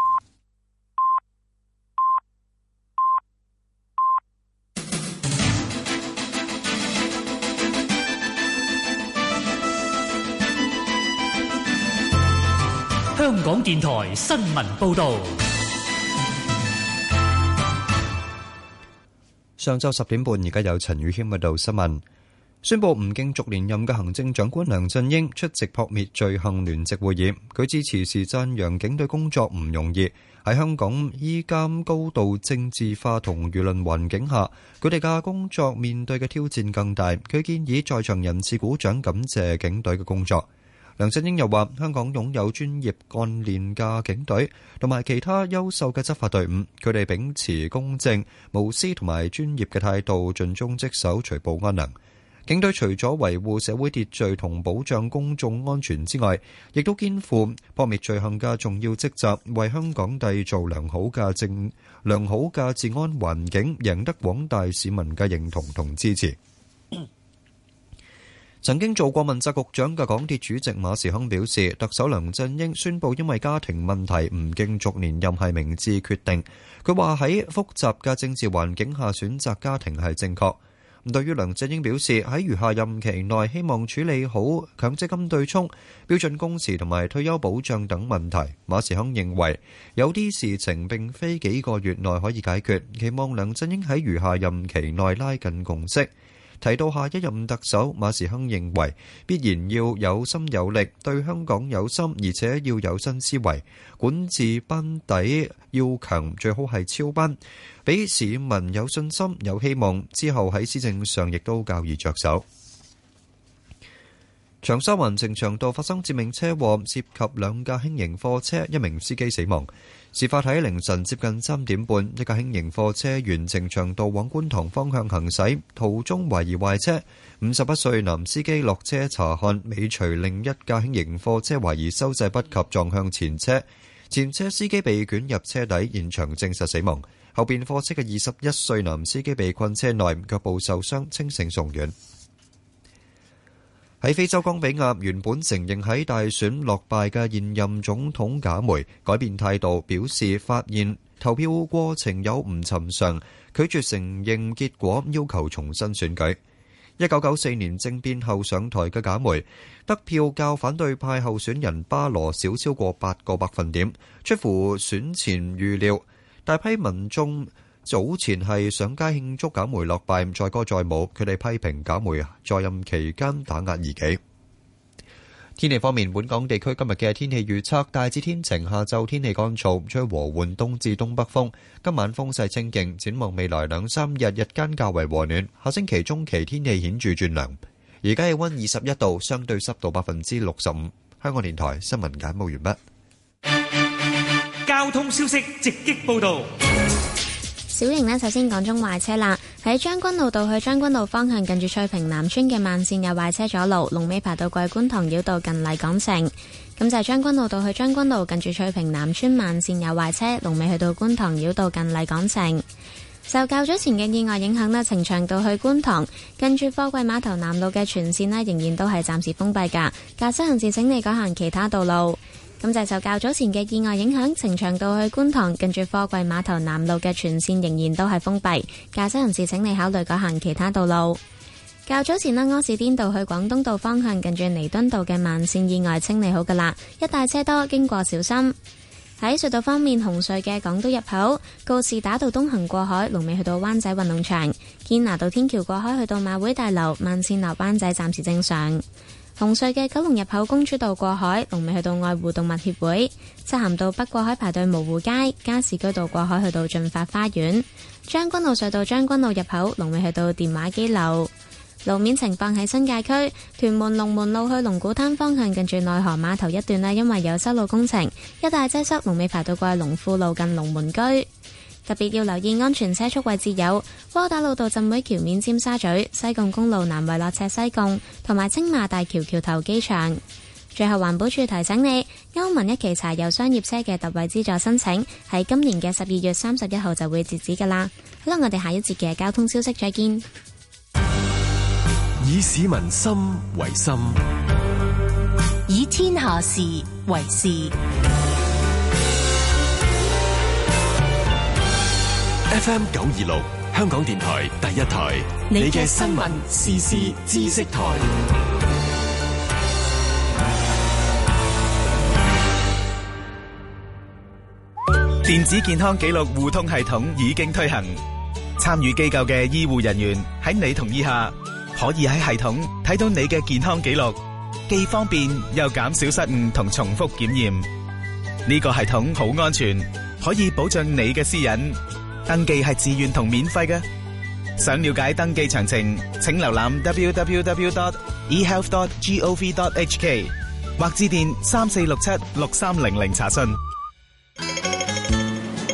香港電台新聞報道：上晝十點半，而家有陳宇軒嘅道新聞。宣布唔競逐連任嘅行政長官梁振英出席撲滅罪行聯席會議。佢致辭時讚揚警隊工作唔容易，喺香港依家高度政治化同輿論環境下，佢哋嘅工作面對嘅挑戰更大。佢建議在場人士鼓掌感謝警隊嘅工作。梁振英又話，香港擁有專業幹練嘅警隊同埋其他優秀嘅執法隊伍，佢哋秉持公正無私同埋專業嘅態度，盡忠職守，除暴安良。警隊除咗維護社會秩序同保障公眾安全之外，亦都肩負撲滅罪行嘅重要職責，為香港締造良好嘅政良好嘅治安環境，贏得廣大市民嘅認同同支持。 曾經做過問責局長嘅港鐵主席馬時亨表示，特首梁振英宣布因為家庭問題唔競逐連任係明智決定。佢話喺複雜嘅政治環境下，選擇家庭係正確。對於梁振英表示，喺餘下任期內希望處理好強積金對沖、標準工時同埋退休保障等問題，馬時亨認為，有啲事情並非幾個月內可以解決，期望梁振英喺餘下任期內拉近共識。提到下一任特首，馬時亨認為必然要有心有力，對香港有心，而且要有新思維，管治班底要強，最好係超班，俾市民有信心、有希望。之後喺施政上亦都較易着手。長沙環城長度發生致命車禍，涉及兩架輕型貨車，一名司機死亡。事發喺凌晨接近三點半，一架輕型貨車全程長道往觀塘方向行駛，途中懷疑壞車。五十一歲男司機落車查看，尾隨另一架輕型貨車，懷疑收掣不及撞向前車，前車司機被捲入車底，現場證實死亡。後邊貨車嘅二十一歲男司機被困車內，腳部受傷，清醒送院。喺非洲岡比亞原本承認喺大選落敗嘅現任總統賈梅改變態度，表示發現投票過程有唔尋常，拒絕承認結果，要求重新選舉。一九九四年政變後上台嘅賈梅得票較反對派候選人巴羅少超過八個百分點，出乎選前預料，大批民眾。早前係上街慶祝簡梅落敗，載歌載舞。佢哋批評簡梅在任期間打壓異己。天氣方面，本港地區今日嘅天氣預測大致天晴，下晝天氣乾燥，吹和緩東至東北風。今晚風勢清勁，展望未來兩三日日間較為和暖。下星期中期天氣顯著轉涼。而家氣溫二十一度，相對濕度百分之六十五。香港電台新聞簡報完畢。交通消息直擊報道。小型呢，首先講中壞車啦，喺將軍路到去將軍路方向，近住翠屏南村嘅慢線有壞車阻路，龍尾排到桂觀塘繞道近麗港城。咁就係將軍路到去將軍路，近住翠屏南村慢線有壞車，龍尾去到觀塘繞道近麗港城。受較早前嘅意外影響呢，呈祥道去觀塘，近住貨櫃碼頭南路嘅全線呢，仍然都係暫時封閉噶，駕駛人士請你改行其他道路。咁就受較早前嘅意外影響，呈祥道去觀塘近住貨櫃碼頭南路嘅全線仍然都係封閉，駕駛人士請你考慮改行其他道路。較早前咧，柯士甸道去廣東道方向近住彌敦道嘅慢線意外清理好噶啦，一帶車多，經過小心。喺隧道方面，紅隧嘅港島入口告士打道東行過海，龍尾去到灣仔運動場，堅拿道天橋過海去到馬會大樓慢線落灣仔暫時正常。紅隧嘅九龍入口公主道過海，龍尾去到愛護動物協會；漆咸道北過海排隊蕪湖街，加士居道過海去到駿發花園。將軍澳隧道將軍澳入口，龍尾去到電話機樓。路面情況喺新界區屯門龍門路去龍鼓灘方向近住內河碼頭一段呢，因為有修路工程，一帶擠塞，龍尾排到過去龍富路近龍門居。特別要留意安全車速位置有窩打老道浸會橋面、尖沙咀西貢公路南圍落斜西貢同埋青馬大橋橋頭機場。最後環保署提醒你，歐盟一期柴油商業車嘅特惠資助申請喺今年嘅十二月三十一號就會截止㗎喇。好啦，我哋下一節嘅交通消息再見。以市民心為心，以天下事為事。FM 九二六，香港電台第一台。你嘅新聞時事知識台，電子健康記錄互通系統已經推行。參與機構嘅醫護人員喺你同意下，可以喺系統睇到你嘅健康記錄，既方便又減少失誤同重複檢驗。呢個系統好安全，可以保障你嘅私隱。登記係自願同免費嘅，想了解登記詳情，請瀏覽 www. ehealth. gov. hk 或致電三四六七六三零零查詢。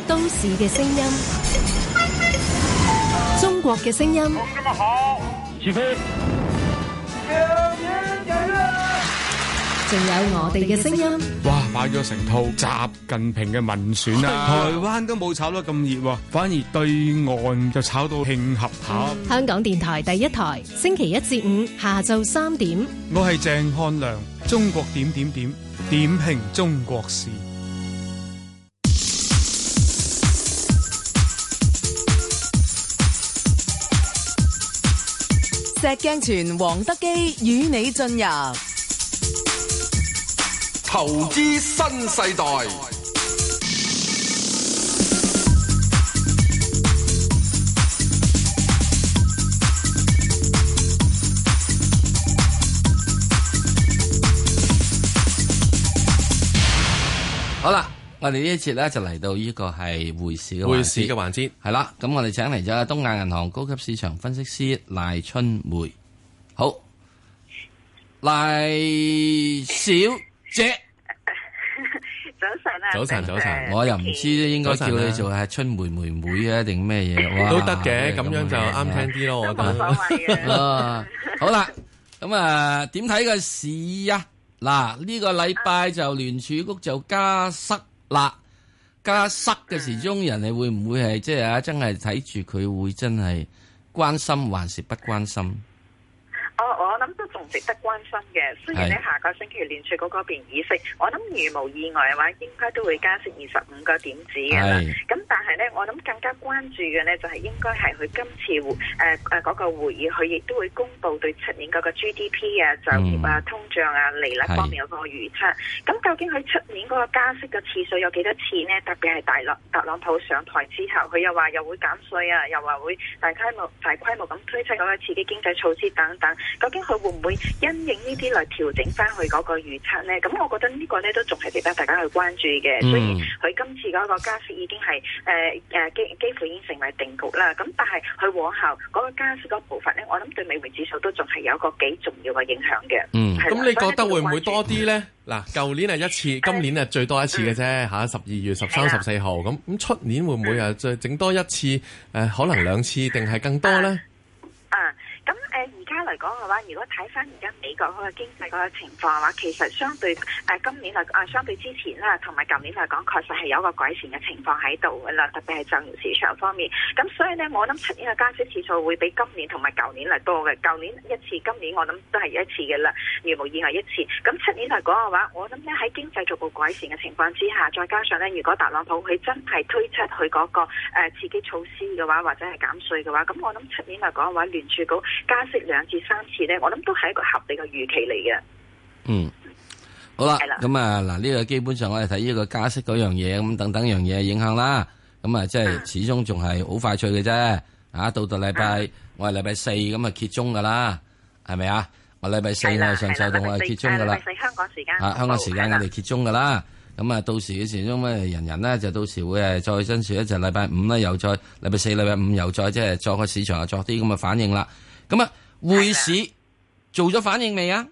都市嘅聲音，中國嘅聲音。仲有我哋嘅聲音，哇！擺咗成套習近平嘅民選啊！台灣都冇炒得咁熱，反而對岸就炒到慶合塔、嗯。香港電台第一台，星期一至五下晝三點，我係鄭漢良，中國點點點點評中國事，石鏡泉黃德幾與你進入。投資新世代。好啦，我哋呢一節咧就嚟到呢個係匯市嘅匯市嘅環節，係啦。咁我哋請嚟咗東亞銀行高級市場分析師賴春梅，好，賴小姐。早晨，是早晨，是我又唔知咧，應該叫你做係春梅妹妹啊，定咩嘢都得嘅？咁樣就啱聽啲咯。我覺得冇所謂嘅。好啦，咁啊，點睇個市啊？嗱，啊，呢個禮拜就聯儲局就加塞啦，加塞嘅時鐘，人哋會唔會係即係啊？真係睇住佢會真係關心還是不關心？我我諗都仲值得關心嘅，雖然咧下個星期聯儲局嗰邊議息，是我諗如無意外嘅話，應該都會加息二十五個點子噶啦咁是但係咧，我諗更加關注嘅咧就係、是、應該係佢今次會誒誒嗰個會議，佢亦都會公布對出年嗰個 GDP 啊、就、嗯、業啊、通脹啊、利率方面有個預測。咁是究竟佢出年嗰個加息嘅次數有幾多次呢？特別係大樂特朗普上台之後，佢又話又會減稅啊，又話會大規模大規模咁推出嗰個刺激經濟措施等等。究竟佢會唔會因應呢啲嚟調整翻佢嗰個預測咧？咁我覺得呢個呢都仲係值得大家去關注嘅。嗯、雖然佢今次嗰個加息已經係誒誒基幾乎已經成為定局啦。咁但係佢往後嗰個加息嗰步伐呢，我諗對美元指數都仲係有一個幾重要嘅影響嘅。嗯，咁吧你覺得會唔會多啲呢？嗱、嗯，舊、啊、年係一次，今年啊最多一次嘅啫嚇，十二、嗯啊、月十三、十四號咁，咁出年會唔會啊再整多一次？誒、嗯，可能兩次定係更多呢？啊嚟講嘅話，如果睇翻而家美國嗰個經濟嗰個情況嘅話，其實相對誒今年嚟、啊相對之前啦，同埋舊年嚟講，確實係有一個改善嘅情況喺度噶啦，特別係就業市場方面。咁所以呢，我諗出年嘅加息次數會比今年同埋舊年嚟多嘅。舊年一次，今年我諗都係一次噶啦，如無意外一次。咁出年嚟講嘅話，我諗呢喺經濟逐步改善嘅情況之下，再加上呢，如果特朗普佢真係推出佢嗰個刺激措施嘅話，或者係減稅嘅話，咁我諗出年嚟講嘅話，聯儲局加息兩次。三次咧，我諗都係一個合理嘅預期嚟嘅。嗯，好啦，係啦是的，咁啊嗱，呢個基本上我哋睇呢個加息嗰樣嘢，咁等等樣嘢影響啦。咁啊，即係始終仲係好快脆嘅啫。啊，到到禮拜，我係禮拜四咁啊，的揭盅噶啦，係咪啊？我禮拜四我上晝同我係揭盅噶啦，香港時間啊，香港時間我哋揭盅噶啦。咁啊，到時嘅時鐘咧，人人呢就到時會係再跟住咧，就禮拜五咧又再，禮拜四、禮拜五又再，即係作個市場又作啲咁嘅反應啦。咁啊。匯市做咗反應未啊？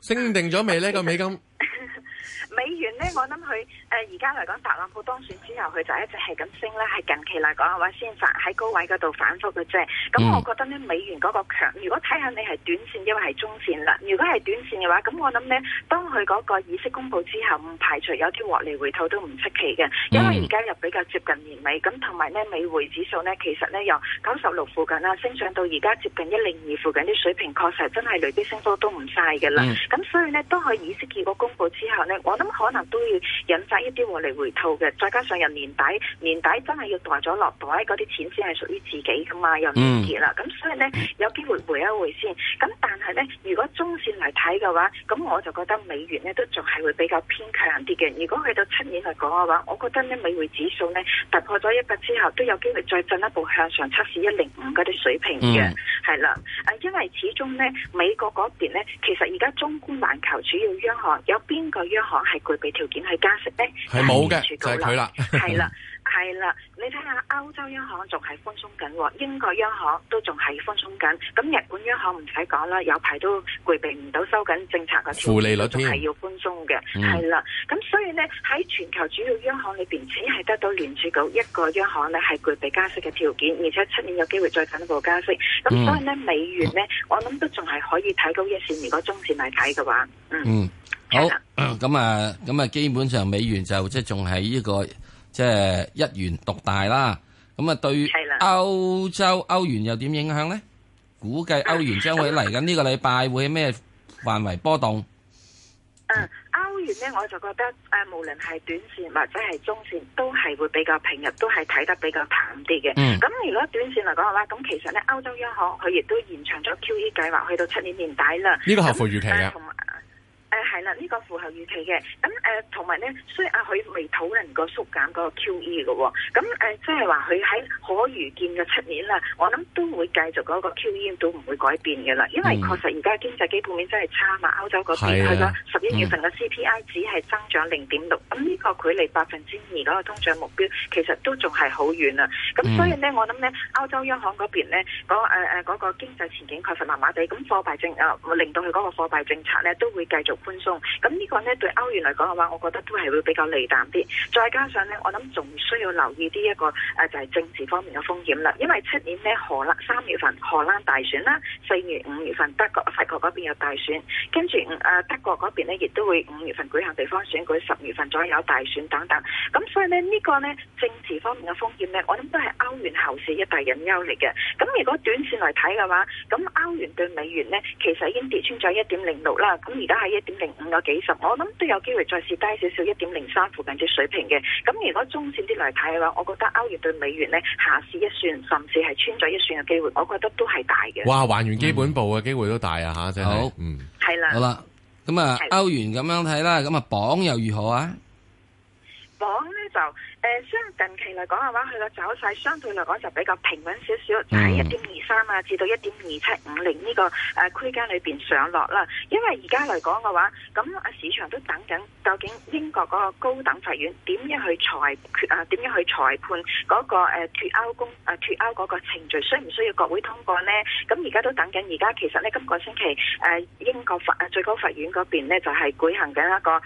升定咗未呢？ 個美金？ 美元咧，我諗佢。誒而家嚟講，特朗普當選之後，佢就一直係咁升咧。係近期嚟講嘅話，先反喺高位嗰度反覆嘅啫。咁我覺得呢美元嗰個強，如果睇下你係短線，線，短線，因為係中線啦。如果係短線嘅話，咁我諗呢當佢嗰個議息公佈之後，唔排除有啲獲利回吐都唔出奇嘅。因為而家又比較接近年尾，咁同埋呢美匯指數呢，其實呢由九十六附近啦，升上到而家接近一零二附近啲水平，確實真係累積升幅都唔細嘅啦。咁、嗯、所以呢，當佢議息結果公佈之後呢，我諗可能都要引發。一啲會嚟回吐嘅，再加上又年底，年底真係要袋咗落袋嗰啲錢先係屬於自己噶嘛，又唔結啦。咁、嗯、所以呢，有機會回一回先。咁但係呢，如果中線嚟睇嘅話，咁我就覺得美元呢都仲係會比較偏強啲嘅。如果去到七年嚟講嘅話，我覺得呢，美匯指數呢突破咗一百之後，都有機會再進一步向上測試一零五嗰啲水平嘅。係啦、嗯，因為始終呢，美國嗰邊呢，其實而家中觀環球主要央行有邊個央行係具備條件去加息呢？係冇嘅。是就係佢啦。的 係啦，你睇下歐洲央行仲係寬鬆緊，英國央行都仲係寬鬆緊，咁日本央行唔使講啦，有排都具備唔到收緊政策嘅條件，利率仲係要寬鬆嘅，係啦。咁所以呢，喺全球主要央行裏邊，只係得到聯儲局一個央行呢係具備加息嘅條件，而且出年有機會再進一步加息。咁所以呢，美元呢，我諗都仲係可以睇到一線，如果中線嚟睇嘅話。嗯，好。咁啊，咁啊，基本上美元就即係仲係呢個。即係一元獨大啦，咁啊對歐洲歐元又點影響呢？估計歐元將會嚟緊呢個禮拜會咩範圍波動？嗯，歐元呢，我就覺得誒、啊，無論係短線或者係中線，都係會比較平日，都係睇得比較淡啲嘅。咁、嗯、如果短線嚟講嘅話，咁其實呢，歐洲央行佢亦都延長咗 QE 計劃去到七年年底啦。呢個合乎預期嘅。誒，係啦、啊，呢、這個符合預期嘅。咁、嗯、誒，同埋咧，雖然啊，佢未、啊、討論過縮減嗰個 QE 嘅喎。咁、啊、誒，即係話佢喺可預見嘅七年啦，我諗都會繼續嗰個 QE 都唔會改變嘅啦。因為確實而家經濟基本面真係差嘛。歐洲嗰邊佢個十一月份嘅 CPI，嗯、只係增長零點六，咁、這、呢個距離百分之二嗰個通脹目標其實都仲係好遠啊。咁所以咧，我諗咧歐洲央行嗰邊咧，嗰、誒誒、嗰個經濟前景確實麻麻地。咁貨幣政，啊，令到佢嗰個貨幣政策咧都會繼續寬鬆，咁呢個呢，對歐元嚟講嘅話，我覺得都係會比較利淡啲。再加上呢，我諗仲需要留意啲一個誒，就係政治方面嘅風險啦。因為七年呢，荷蘭三月份荷蘭大選啦，四月五月份德國法國嗰邊有大選，跟住誒德國嗰邊呢，亦都會五月份舉行地方選舉，十月份左右有大選等等。咁所以呢，呢個呢，政治方面嘅風險呢，我諗都係歐元後市一大隱憂嚟嘅。咁如果短線嚟睇嘅話，咁歐元對美元呢，其實已經跌穿咗一點零六啦。咁而家喺一零五有幾十，我諗都有機會再試低少少一點零三附近嘅水平嘅。咁如果中線啲嚟睇嘅話，我覺得歐元對美元呢，下試一算，甚至係穿咗一算嘅機會，我覺得都係大嘅。哇！還原基本步嘅機會都大啊！吓、嗯，真係。好，嗯，係啦，好啦，咁、嗯、啊，歐元咁樣睇啦，咁啊，鎊又如何啊？鎊呢就。誒、呃，相近期嚟講嘅話，佢個走勢相對嚟講就比較平穩少少，就係一點二三的啊，至到一點二七五零呢個誒區間裏邊上落啦。因為而家嚟講嘅話，咁啊市場都等緊，究竟英國嗰個高等法院點樣去裁決啊？點、呃、樣去裁判嗰、那個誒、啊、脱歐公誒、啊、脱歐嗰個程序，需唔需要國會通過呢？咁而家都等緊，而家其實呢，今、這個星期誒、呃、英國法最高法院嗰邊呢，就係舉行緊一個誒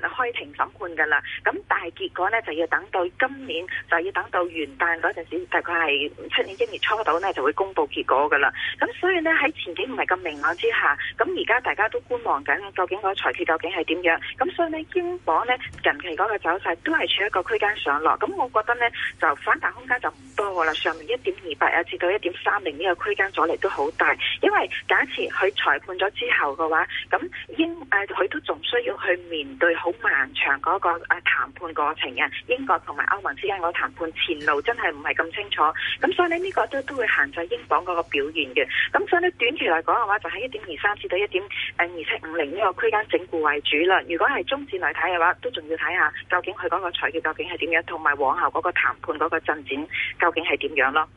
開庭審判噶啦。咁但係結果呢，就要等。到今年就要等到元旦嗰陣時，大概係七年一月初度呢就會公布結果噶啦。咁所以呢，喺前景唔係咁明朗之下，咁而家大家都觀望緊，究竟嗰個裁決究竟係點樣？咁所以呢，英鎊呢近期嗰個走勢都係處於一個區間上落。咁我覺得呢就反彈空間就唔多噶啦。上面一點二八啊，至到一點三零呢個區間阻力都好大。因為假設佢裁判咗之後嘅話，咁英誒佢、啊、都仲需要去面對好漫長嗰、嗰個誒談、啊、判過程嘅英國。同埋歐盟之間個談判前路真係唔係咁清楚，咁所以呢，呢個都都會限制英鎊嗰個表現嘅，咁所以呢，短期嚟講嘅話，就喺一點二三至到一點誒二七五零呢個區間整固為主啦。如果係中線嚟睇嘅話，都仲要睇下究竟佢嗰個裁決究竟係點樣，同埋往後嗰個談判嗰個進展究竟係點樣咯。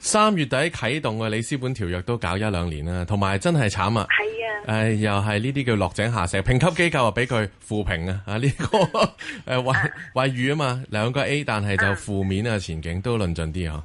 三月底啟動嘅里斯本條約都搞一兩年啦，同埋真係慘啊！係啊，誒、哎、又係呢啲叫落井下石，評級機構啊俾佢負評啊！這個、 啊呢個誒惠、惠譽啊嘛，兩個 A，但係就負面啊，啊前景都論盡啲嗬。啊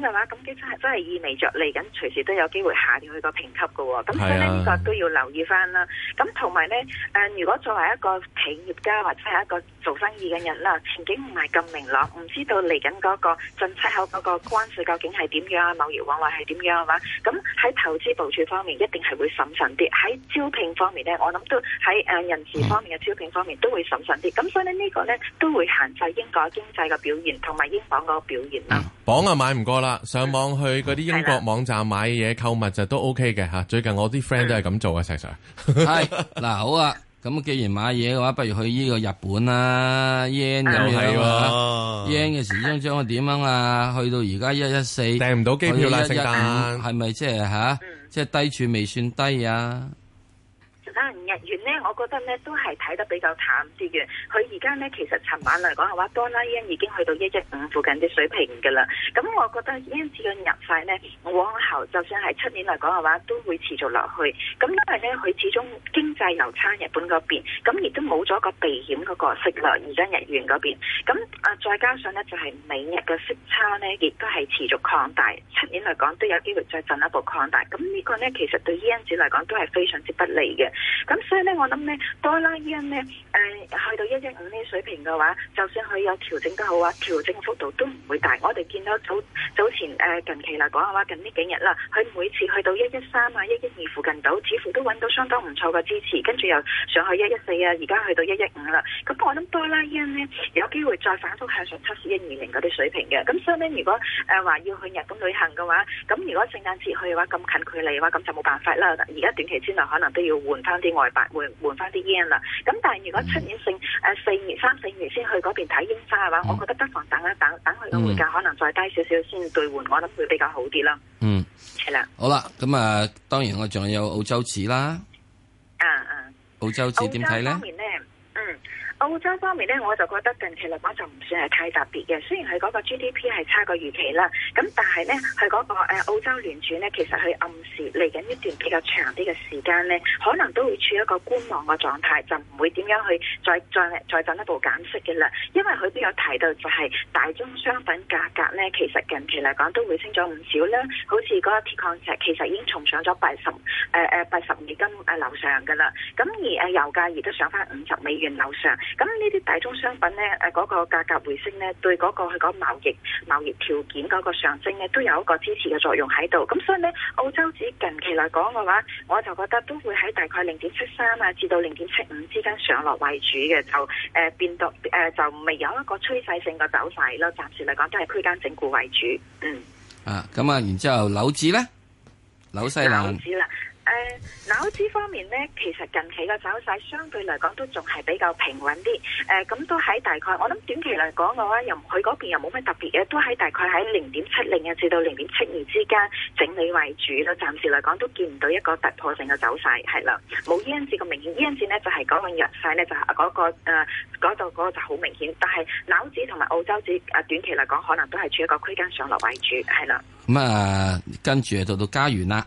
嘅話咁，其實係真係意味着嚟緊隨時都有機會下調佢個評級噶。咁所以呢，呢個都要留意翻啦。咁同埋呢，誒，如果作為一個企業家或者係一個做生意嘅人啦，前景唔係咁明朗，唔知道嚟緊嗰個進出口嗰個關稅究竟係點樣啊，貿易往來係點樣啊，嘛。咁喺投資部署方面，一定係會審慎啲；喺招聘方面呢，我諗都喺誒人事方面嘅招聘方面都會審慎啲。咁所以呢，呢個呢，都會限制英國經濟嘅表現同埋英鎊嗰個表現啦。鎊啊，買唔過啦～啊、上網去嗰啲英國網站買嘢購物就都 OK 嘅吓、啊，最近我啲 friend 都係咁做嘅，石 Sir 嗱好啊，咁既然買嘢嘅話，不如去呢個日本啦，yen 又係喎，yen 嘅時鐘將我點樣啊？去到而家一一四，訂唔到機票啦，聖誕係咪即係吓？即、啊、係、即係、低處未算低啊？日元呢，我覺得呢都係睇得比較淡啲嘅。佢而家呢，其實尋晚嚟講嘅話，多啦已經去到一一五附近嘅水平㗎啦。咁我覺得日元嘅人勢咧，往後就算係七年嚟講嘅話，都會持續落去。咁因為呢，佢始終經濟又差，日本嗰邊咁亦都冇咗個避險嗰個色略，而家日元嗰邊咁啊，再加上呢，就係美日嘅息差呢，亦都係持續擴大。七年嚟講都有機會再進一步擴大。咁呢個呢，其實對日元嚟講都係非常之不利嘅。咁所以咧，我諗咧，多拉 yen 咧，誒去到一一五呢水平嘅話，就算佢有調整得好話，調整嘅幅度都唔會大。我哋見到早早前誒近期嚟講嘅話，近呢幾日啦，佢每次去到一一三啊、一一二附近到，似乎都揾到相當唔錯嘅支持。跟住又上去一一四啊，而家去到一一五啦。咁我諗多拉 yen 咧，有機會再反覆向上測試一二零嗰啲水平嘅。咁所以咧，如果誒話要去日本旅行嘅話，咁如果聖誕節去嘅話，咁近距離嘅話，咁就冇辦法啦。而家短期之內可能都要換翻啲外換換翻啲煙啦，咁但係如果出年剩誒四月，三四月先去嗰邊睇櫻花嘅話，嗯、我覺得不妨等一等，等佢個匯價可能再低少少先兌換，我覺得會比較好啲囉。嗯，係啦的，好啦，咁啊，當然我仲有澳洲紙啦、啊。啊啊，澳洲紙點睇咧？澳洲方面咧，我就覺得近期嚟講就唔算係太特別嘅。雖然佢嗰個 GDP 係差過預期啦，咁但係咧佢嗰個、呃、澳洲聯儲咧，其實佢暗示嚟緊呢段比較長啲嘅時間咧，可能都會處一個觀望嘅狀態，就唔會點樣去再再再進一步減息嘅啦。因為佢都有提到就係大宗商品價格咧，其實近期嚟講都會升咗唔少啦。好似嗰個鐵礦石其實已經重上咗八十誒誒八十美金誒樓上噶啦。咁而誒油價亦都上返五十美元樓上。咁呢啲大宗商品咧，誒、那、嗰個價格回升咧，對嗰個佢講貿易貿易條件嗰個上升咧，都有一個支持嘅作用喺度。咁所以咧，澳洲指近期嚟講嘅話，我就覺得都會喺大概零點七三啊至到零點七五之間上落為主嘅，就誒、呃、變到，誒、呃、就未有一個趨勢性嘅走勢咯。暫時嚟講都係區間整固為主。嗯。啊，咁啊，然之後樓指咧，樓西樓。誒，紐指、呃、方面咧，其實近期嘅走勢相對嚟講都仲係比較平穩啲。誒、呃，咁都喺大概，我諗短期嚟講嘅話，又佢嗰邊又冇乜特別嘅，都喺大概喺零點七零啊至到零點七二之間整理為主咯。暫時嚟講都見唔到一個突破性嘅走勢，係啦，冇呢 N S 咁明顯。呢 N S 咧就係講緊弱勢咧，就嗰、是、個誒嗰度嗰個、呃、就好明顯。但係紐指同埋澳洲指誒短期嚟講，可能都係處一個區間上落為主，係啦。咁啊、嗯呃，跟住就到加元啦。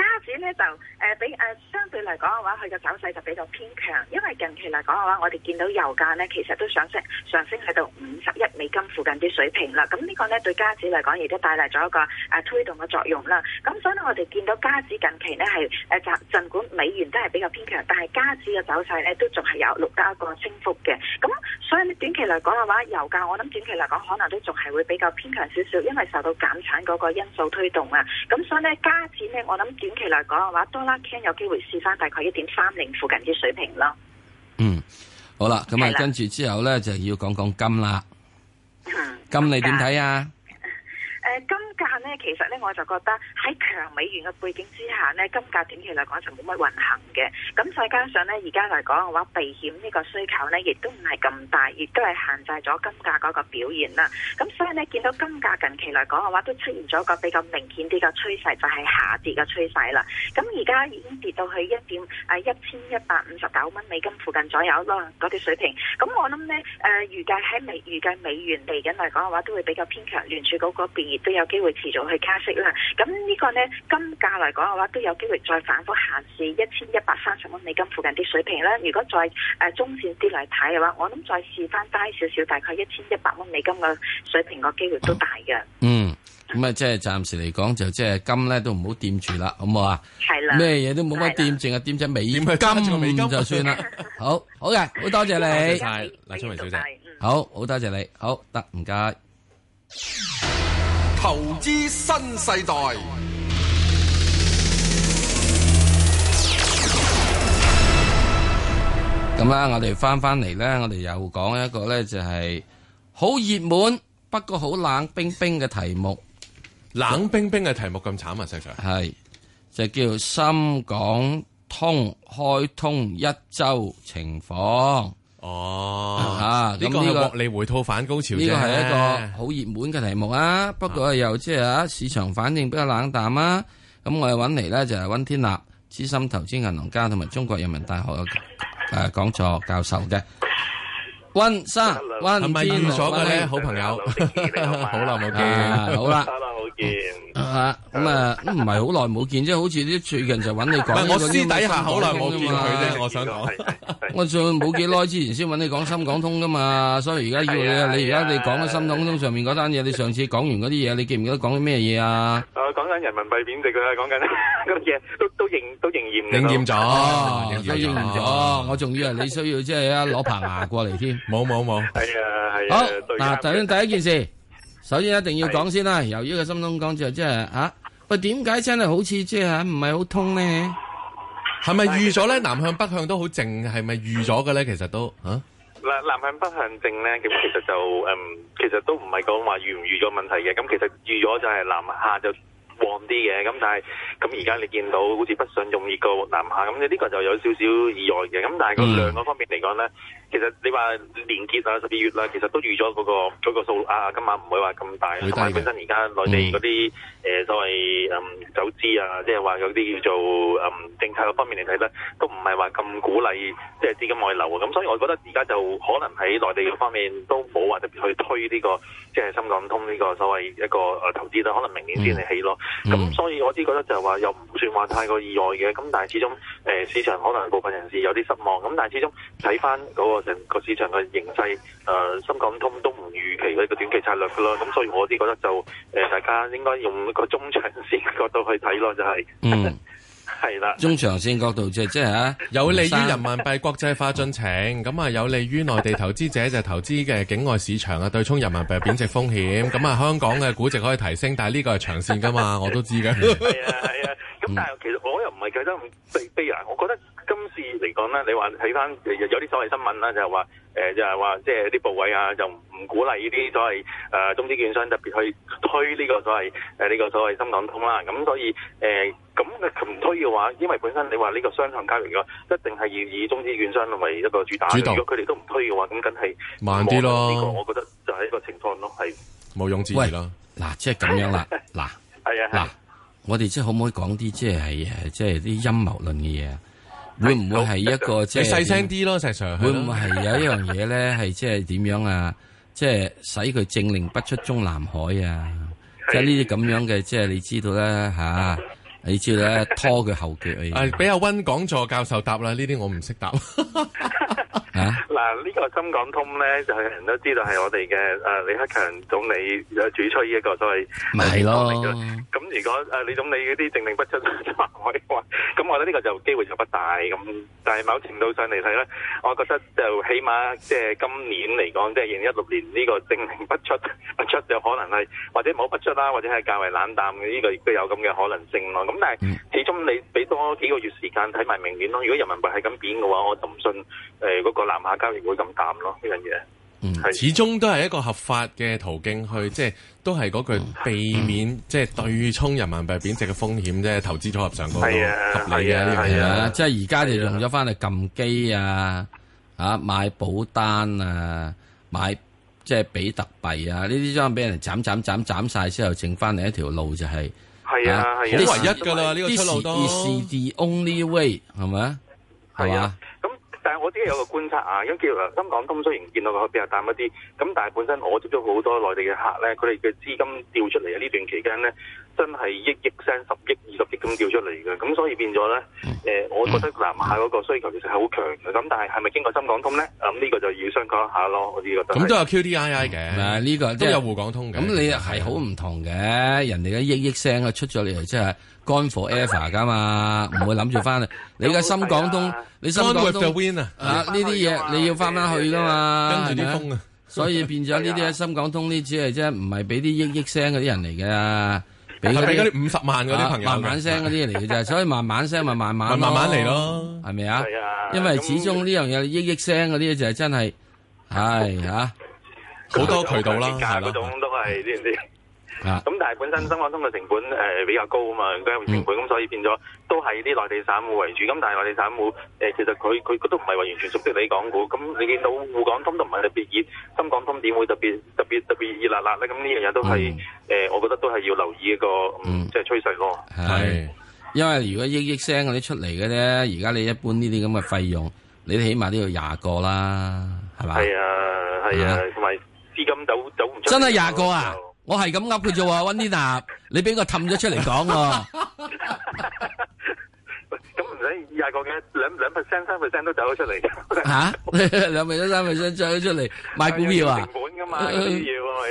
加指咧就誒比誒相對嚟講嘅話，佢嘅走勢就比較偏強，因為近期嚟講嘅話，我哋見到油價呢其實都上升上升喺度五十一美金附近啲水平啦。咁呢個呢，對加指嚟講，亦都帶嚟咗一個誒、啊、推動嘅作用啦。咁所以呢，我哋見到加指近期呢係誒儘儘管美元都係比較偏強，但係加指嘅走勢呢都仲係有錄得一個升幅嘅。咁所以呢，短期嚟講嘅話，油價我諗短期嚟講可能都仲係會比較偏強少少，因為受到減產嗰個因素推動啊。咁所以呢，加指呢我諗。短期嚟講嘅話，多啦 can 有機會試翻大概一點三零附近啲水平咯。嗯，好啦，咁啊，跟住之後咧就要講講金啦。嗯，嗯，金你點睇啊？誒金價呢，其實咧我就覺得喺強美元嘅背景之下呢，金價短期嚟講就冇乜運行嘅。咁再加上呢，而家嚟講嘅話，避險呢個需求呢，亦都唔係咁大，亦都係限制咗金價嗰個表現啦。咁所以呢，見到金價近期嚟講嘅話，都出現咗個比較明顯啲嘅趨勢，就係下跌嘅趨勢啦。咁而家已經跌到去一點誒一千一百五十九蚊美金附近左右咯嗰啲水平。咁我諗呢，誒、呃、預計喺美預計美元嚟緊嚟講嘅話，都會比較偏強，聯儲局嗰邊。都有機會持續去加息啦。咁、這、呢個呢，金價嚟講嘅話，都有機會再反覆行市一千一百三十蚊美金附近啲水平啦。如果再誒、呃、中線啲嚟睇嘅話，我諗再試翻低少少，大概一千一百蚊美金嘅水平個機會都大嘅，嗯。嗯，咁啊，即係暫時嚟講，就即係金咧都唔好掂住啦，好唔好啊？係啦，咩嘢都冇乜掂，淨係掂隻美金，美金就算啦。 好，好嘅，好多謝你，晒黎春明小姐，嗯、好好多謝，謝你，好得唔該。投資新世代，咁啦，我哋翻翻嚟咧，我哋又講一個咧，就係好熱門，不過好冷冰冰嘅題目，冷冰冰嘅題目咁慘啊！石生，係就叫深港通開通一周情況。哦，吓，呢個獲利回吐反高潮呢個係一個好熱門嘅題目啊。不過又即係吓市場反應比較冷淡啊。咁我哋揾嚟呢，就係溫天納，資深投資銀行家同埋中國人民大學誒講座教授嘅温生，係咪預咗嘅好朋友， 好啦，冇見，好啦、啊，好見。 嗯啊咁啊唔係好耐冇見，即係好似啲最近就揾你講我私底下好耐冇見佢啫，我想講，我仲冇幾耐之前先揾你講深港通噶嘛，所以而家要你你而家你講緊深港通上面嗰單嘢，你上次講完嗰啲嘢，你記唔記得講緊咩嘢啊？誒，講緊人民幣貶值噶，講緊嗰嘢，都都仍都仍然應驗咗，應驗咗，我仲以為你需要即係一攞棚牙過嚟添，冇冇冇。係啊係啊。好，嗱，首先第一件事。首先一定要講先啦，由於個深東江深港通就即係嚇，喂，點解真係好似即係嚇唔係好通呢？係咪預咗呢？南向北向都好靜，係咪預咗嘅呢？其實都嚇。嗱，南向北向靜呢，咁其實就嗯，其實都唔係講話預唔預咗問題嘅。咁其實預咗就係南下就旺啲嘅。咁但係咁而家你見到好似北上仲熱過南下，咁呢呢個就有少少意外嘅。咁但係個量嗰方面嚟講呢。其實你話年結啊十二月啦，其實都預咗嗰個嗰個數、那個、啊，今晚唔會話咁大。同埋本身而家內地嗰啲誒所謂嗯，、呃、嗯走資啊，即係話嗰啲叫做嗯政策方面嚟睇咧，都唔係話咁鼓勵，即係資金外流喎、啊。咁所以我覺得而家就可能喺內地嗰方面都冇話特別去推呢、這個即係深港通呢個所謂一個誒、呃、投資啦、啊，可能明年先嚟起咯。咁、嗯嗯、所以我只覺得就話又唔算話太過意外嘅。咁但係始終誒、呃、市場可能部分人士有啲失望。咁但係始終睇翻嗰個成個市場嘅形勢，誒，深港通都唔預期佢一個短期策略噶咯，咁所以我哋覺得就誒，大家應該用一個中長線角度去睇咯，就係，嗯，係啦，中長線角度即係即係啊，有利於人民幣國際化進程，咁啊有利於內地投資者就投資嘅境外市場啊，對沖人民幣貶值風險，咁啊香港嘅估值可以提升，但係呢個係長線噶嘛，我都知噶，係啊係啊，咁但係其實我又唔係覺得咁悲觀，我覺得。今次嚟講咧，你話睇翻有啲所謂新聞啦，就係話誒，就係話即係啲部委啊，就唔鼓勵呢啲所謂誒、呃、中資券商特別去推呢個所謂誒呢、呃這個所謂深港通啦。咁、啊、所以誒咁佢唔推嘅話，因為本身你話呢個雙向交易嘅，一定係要以中資券商為一個主打。主導，如果佢哋都唔推嘅話，咁梗係慢啲咯。呢個我覺得就係一個情況咯，係毋庸置疑啦。嗱，即係咁樣啦。嗱，嗱，我哋即係可唔可以講啲即係係即係啲陰謀論嘅嘢？會唔會係一個 即係？你細聲啲咯，石 Sir。會唔會係有一樣嘢咧？係即係點樣啊？即係使佢政令不出中南海啊？即係呢啲咁樣嘅，即係你知道咧吓、啊，你知道咧拖佢後腳啊！俾 阿溫講座教授答啦，呢啲我唔識答。 嗱，呢個深港通咧就係人都知道係我哋嘅誒李克強總理主出呢一個所謂政令嘅，咁如果誒李總理嗰啲政令不出嘅話，咁我覺得呢個就機會就不大。咁但係某程度上嚟睇咧，我覺得就起碼即係今年嚟講，即係二零一六年呢個政令不出不出就可能係或者冇不出啦，或者係較為冷淡嘅呢個亦都有咁嘅可能性咯。咁但係始終你俾多幾個月時間睇埋明年咯。如果人民幣係咁貶嘅話，我就唔信誒嗰個。南下交易會咁淡咯，呢樣嘢。嗯，始終都係一個合法嘅途徑去，即、就、係、係、都係嗰句避免即係對沖人民幣貶值嘅風險啫。就係、投資組合上嗰度合理嘅呢樣嘢啊，即係而家就用咗翻嚟撳機啊，啊買保單啊，買即係比特幣啊，呢啲將俾人斬斬斬斬晒，之後，剩翻嚟一條路就係、係、係啊，係唯一㗎啦，呢個出路都係唯一嘅，係咪啊？係啊。但係我自己有個觀察啊，因為叫深港通雖然見到佢比較淡一啲，咁但係本身我接觸好多內地嘅客咧，佢哋嘅資金調出嚟啊，呢段期間咧，真係億億聲十億二十億咁調出嚟嘅，咁所以變咗咧，誒、呃，我覺得南下嗰個需求其實係好強嘅，咁但係係咪經過深港通咧？咁、嗯、呢、這個就要參考一下咯，我呢個都咁都有 QDII 嘅，係啊，呢個都有滬港通嘅，咁你係好唔同嘅，嗯、人哋嘅億億聲啊出咗嚟即係。就是 forever 噶嘛，唔會諗住翻嚟！你嘅深港通，你深港通啊呢啲嘢你要返返去噶嘛，跟住啲風啊，所以變咗呢啲啊深港通呢只係真係唔係俾啲億億聲嗰啲人嚟嘅，俾俾嗰啲五十萬嗰啲朋友慢慢聲嗰啲嚟嘅啫，所以慢慢聲咪慢慢慢慢慢嚟咯，係咪啊？係啊！因為始終呢樣嘢億億聲嗰啲就係真係係吓好多渠道啦，係咯。咁但係本身深港通嘅成本誒比較高啊嘛，咁啊成本咁所以變咗都係啲內地散戶為主。咁但係內地散戶誒，其實佢佢都唔係話完全熟悉你港股。咁你見到滬港通都唔係特別熱，深港通點會特別特別特別熱辣辣咧？咁呢樣嘢都係誒，我覺得都係要留意一個即係趨勢咯。係、嗯嗯、因為如果億億聲嗰啲出嚟嘅咧，而家你一般呢啲咁嘅費用，你起碼都要廿個啦，係咪？係、嗯、啊，係啊，同埋資金走走唔出。真係廿個啊！我係咁噏佢咋啊，温天立，你俾我氹咗出嚟講你廿個嘅兩兩 percent 三 percent 都走咗出嚟嘅吓，兩 percent 三 percent 走咗出嚟買股票啊？成本噶嘛，要係咪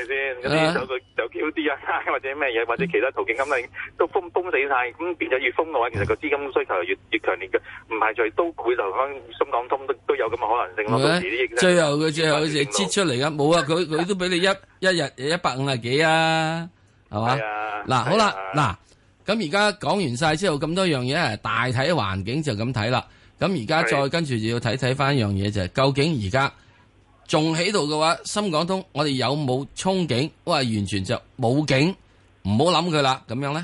先？有啲有佢有 QD 啊，或者咩嘢，或者其他途徑咁嚟都封封死晒，咁變咗越封嘅話，其實個資金需求係越越強烈嘅，唔係在都會留翻深港通都都有咁嘅可能性咯。最後嘅最後嘅，跌出嚟嘅冇啊，佢佢都俾你一一日一百五十幾啊，係嘛？嗱好啦，嗱。咁而家講完晒之後，咁多樣嘢大體環境就咁睇啦。咁而家再跟住就要睇睇翻一樣嘢就係、是，究竟而家仲喺度嘅話，深港通我哋有冇憧憬？我係，完全就冇景，唔好諗佢啦。咁樣呢，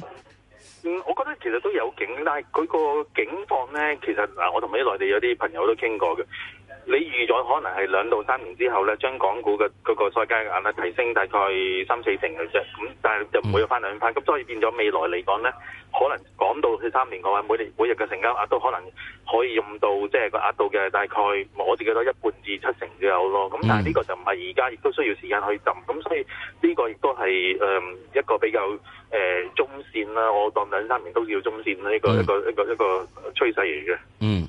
嗯，我覺得其實都有景，但係佢個景況呢，其實嗱，我同啲內地有啲朋友都傾過嘅。你預咗可能係兩到三年之後咧，將港股嘅嗰個賽街額咧提升大概三四成嘅啫。咁但係就冇咗翻兩番。咁、嗯、所以變咗未來嚟講咧，可能講到去三年嘅話，每年每日嘅成交額都可能可以用到即係、就是、個額度嘅大概，我自己都一半至七成都有咯。咁、嗯、但係呢個就唔係而家，亦都需要時間去浸。咁所以呢個亦都係誒一個比較誒、呃、中線啦。我當兩三年都要中線呢個一個、嗯、一個,一個,一,個一個趨勢嚟嘅。嗯。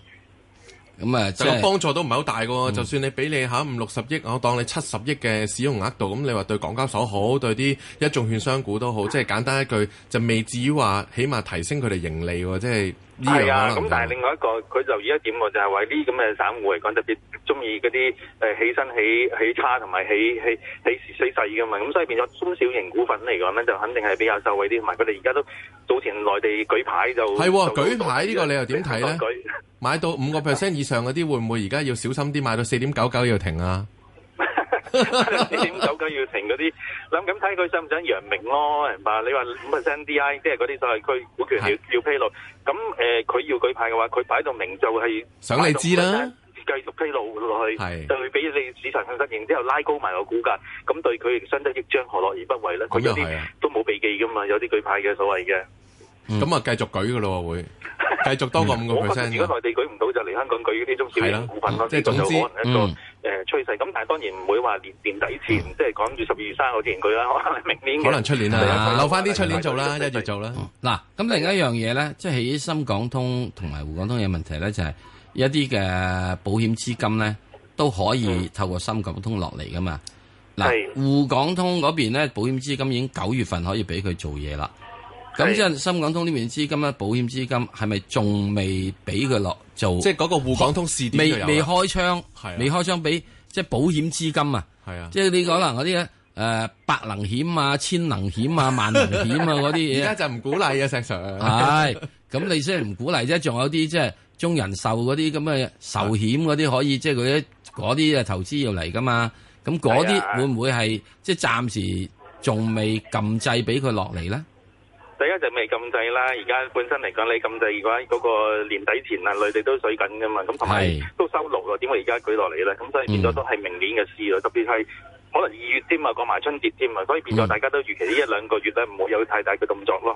咁啊，就係幫助都唔係好大㗎。嗯、就算你俾你下五六十億，我當你七十億嘅使用額度，咁你話對港交所好，對啲一,一眾券商股都好，即係簡單一句，就未至於話起碼提升佢哋盈利。即係係啊，咁但係另外一個，佢就而家點喎？就係為啲咁嘅散戶嚟講，特別。中意嗰啲誒起身起起差同埋起起起時衰勢嘅嘛，咁所以變咗中小型股份嚟講咧，就肯定係比較受惠啲，同埋佢哋而家都早前內地舉牌就係、啊、舉牌個呢個你又點睇咧？買到五個 percent 以上嗰啲會唔會而家要小心啲？買到四點九九要停啊！四點九九要停嗰啲，諗咁睇佢想唔想揚名咯？係嘛？你話五 percent DI 即係嗰啲所謂區股權要，要披露，咁誒佢要舉牌嘅話，佢擺到明就係、嗯嗯、想你知啦。 繼續披露落去，就會俾你市場響應，之後拉高埋個股價，咁對佢亦相得益彰，何樂而不為咧？佢有啲都冇避忌噶嘛，有啲舉派嘅所謂嘅，咁啊繼續舉噶咯喎，會繼續多過五個 percent。如果內地舉唔到，就嚟香港舉呢種少數股份咯。即係總之一個誒趨勢。咁但係當然唔會話年年底前，即係講住十二月三號之前舉啦。可能明年可能出年啦，留翻啲出年做啦，一住做啦。嗱，咁另一樣嘢咧，即係起深港通同埋滬港通有問題咧，就係。一啲嘅保險資金咧，都可以透過深港通落嚟噶嘛？嗱、嗯，滬港通嗰邊咧，保險資金已經九月份可以俾佢做嘢啦。咁即係深港通呢邊資金咧，保險資金係咪仲未俾佢落做？即係嗰個滬港通試點未未開槍？未開槍俾、啊、即係保險資金啊？係啊！即係你可能嗰啲誒百能險啊、千能險啊、萬能險啊嗰啲，而家 就唔鼓勵啊，石 Sir。係 咁，你雖然唔鼓勵啫，仲有啲即係。中人壽嗰啲咁嘅壽險嗰啲可以即係佢啲嘅投資要嚟噶嘛？咁嗰啲會唔會係即係暫時仲未禁制俾佢落嚟咧？第一就未禁制啦，而家本身嚟講，你禁制如果喺嗰個年底前啊，內地都水緊噶嘛，咁同埋都收錄咯，點解而家舉落嚟咧？咁所以變咗都係明年嘅事咯，特別係可能二月添啊，過埋春節添啊，所以變咗大家都預期呢一兩個月咧唔會有太大嘅動作咯。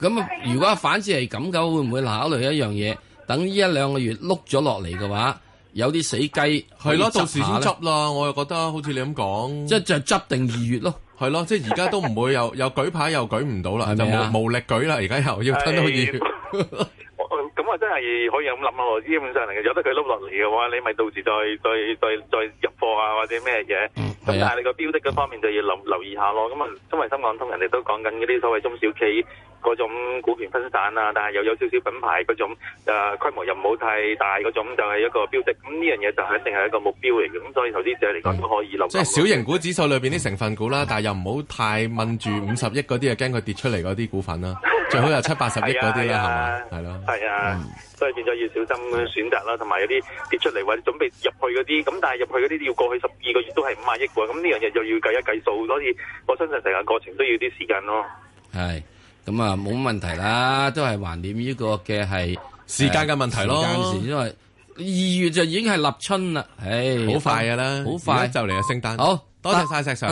咁如果反之係咁嘅，會唔會考慮一樣嘢？等呢一兩個月碌咗落嚟嘅話，有啲死雞係咯，到時先執啦。我又覺得好似你咁講， 即係就執定二月咯。係咯， 即係而家都唔會又又舉牌又舉唔到啦，就冇無力舉啦。而家又要等到二月。咁、 嗯、啊，真係可以咁諗咯，基本上嚟嘅。有得佢碌落嚟嘅話， 你咪到時再再再再入貨啊，或者咩嘢。咁但係你個標的嗰方面就要留留意下咯。咁、嗯、啊，因為深港通，人哋都講緊嗰啲所謂中小企。嗰種股票分散啦、啊，但係又有少少品牌嗰種誒規、呃、模又唔好太大嗰種，就係一個標的。咁呢樣嘢就肯定係一個目標嚟嘅，咁，所以投資者嚟講都可以諗。即係、就是、小型股指數裏邊啲成分股啦，嗯、但係又唔好太問住五十億嗰啲啊，驚佢跌出嚟嗰啲股份啦， 最好有七八十億嗰啲啦，係咯，係啊，所以變咗要小心選擇啦，同埋有啲跌出嚟或者準備入去嗰啲，咁但係入去嗰啲要過去十二個月都係五萬億嘅，咁呢樣嘢又要計一計數，所以我相信成個過程都要啲時間咯，係。咁啊，冇問題啦，都係懷念呢個嘅係時間嘅問題咯，因為二月就已經係立春啦，唉，好快噶啦，好快就嚟啊聖誕，好，多謝曬石生。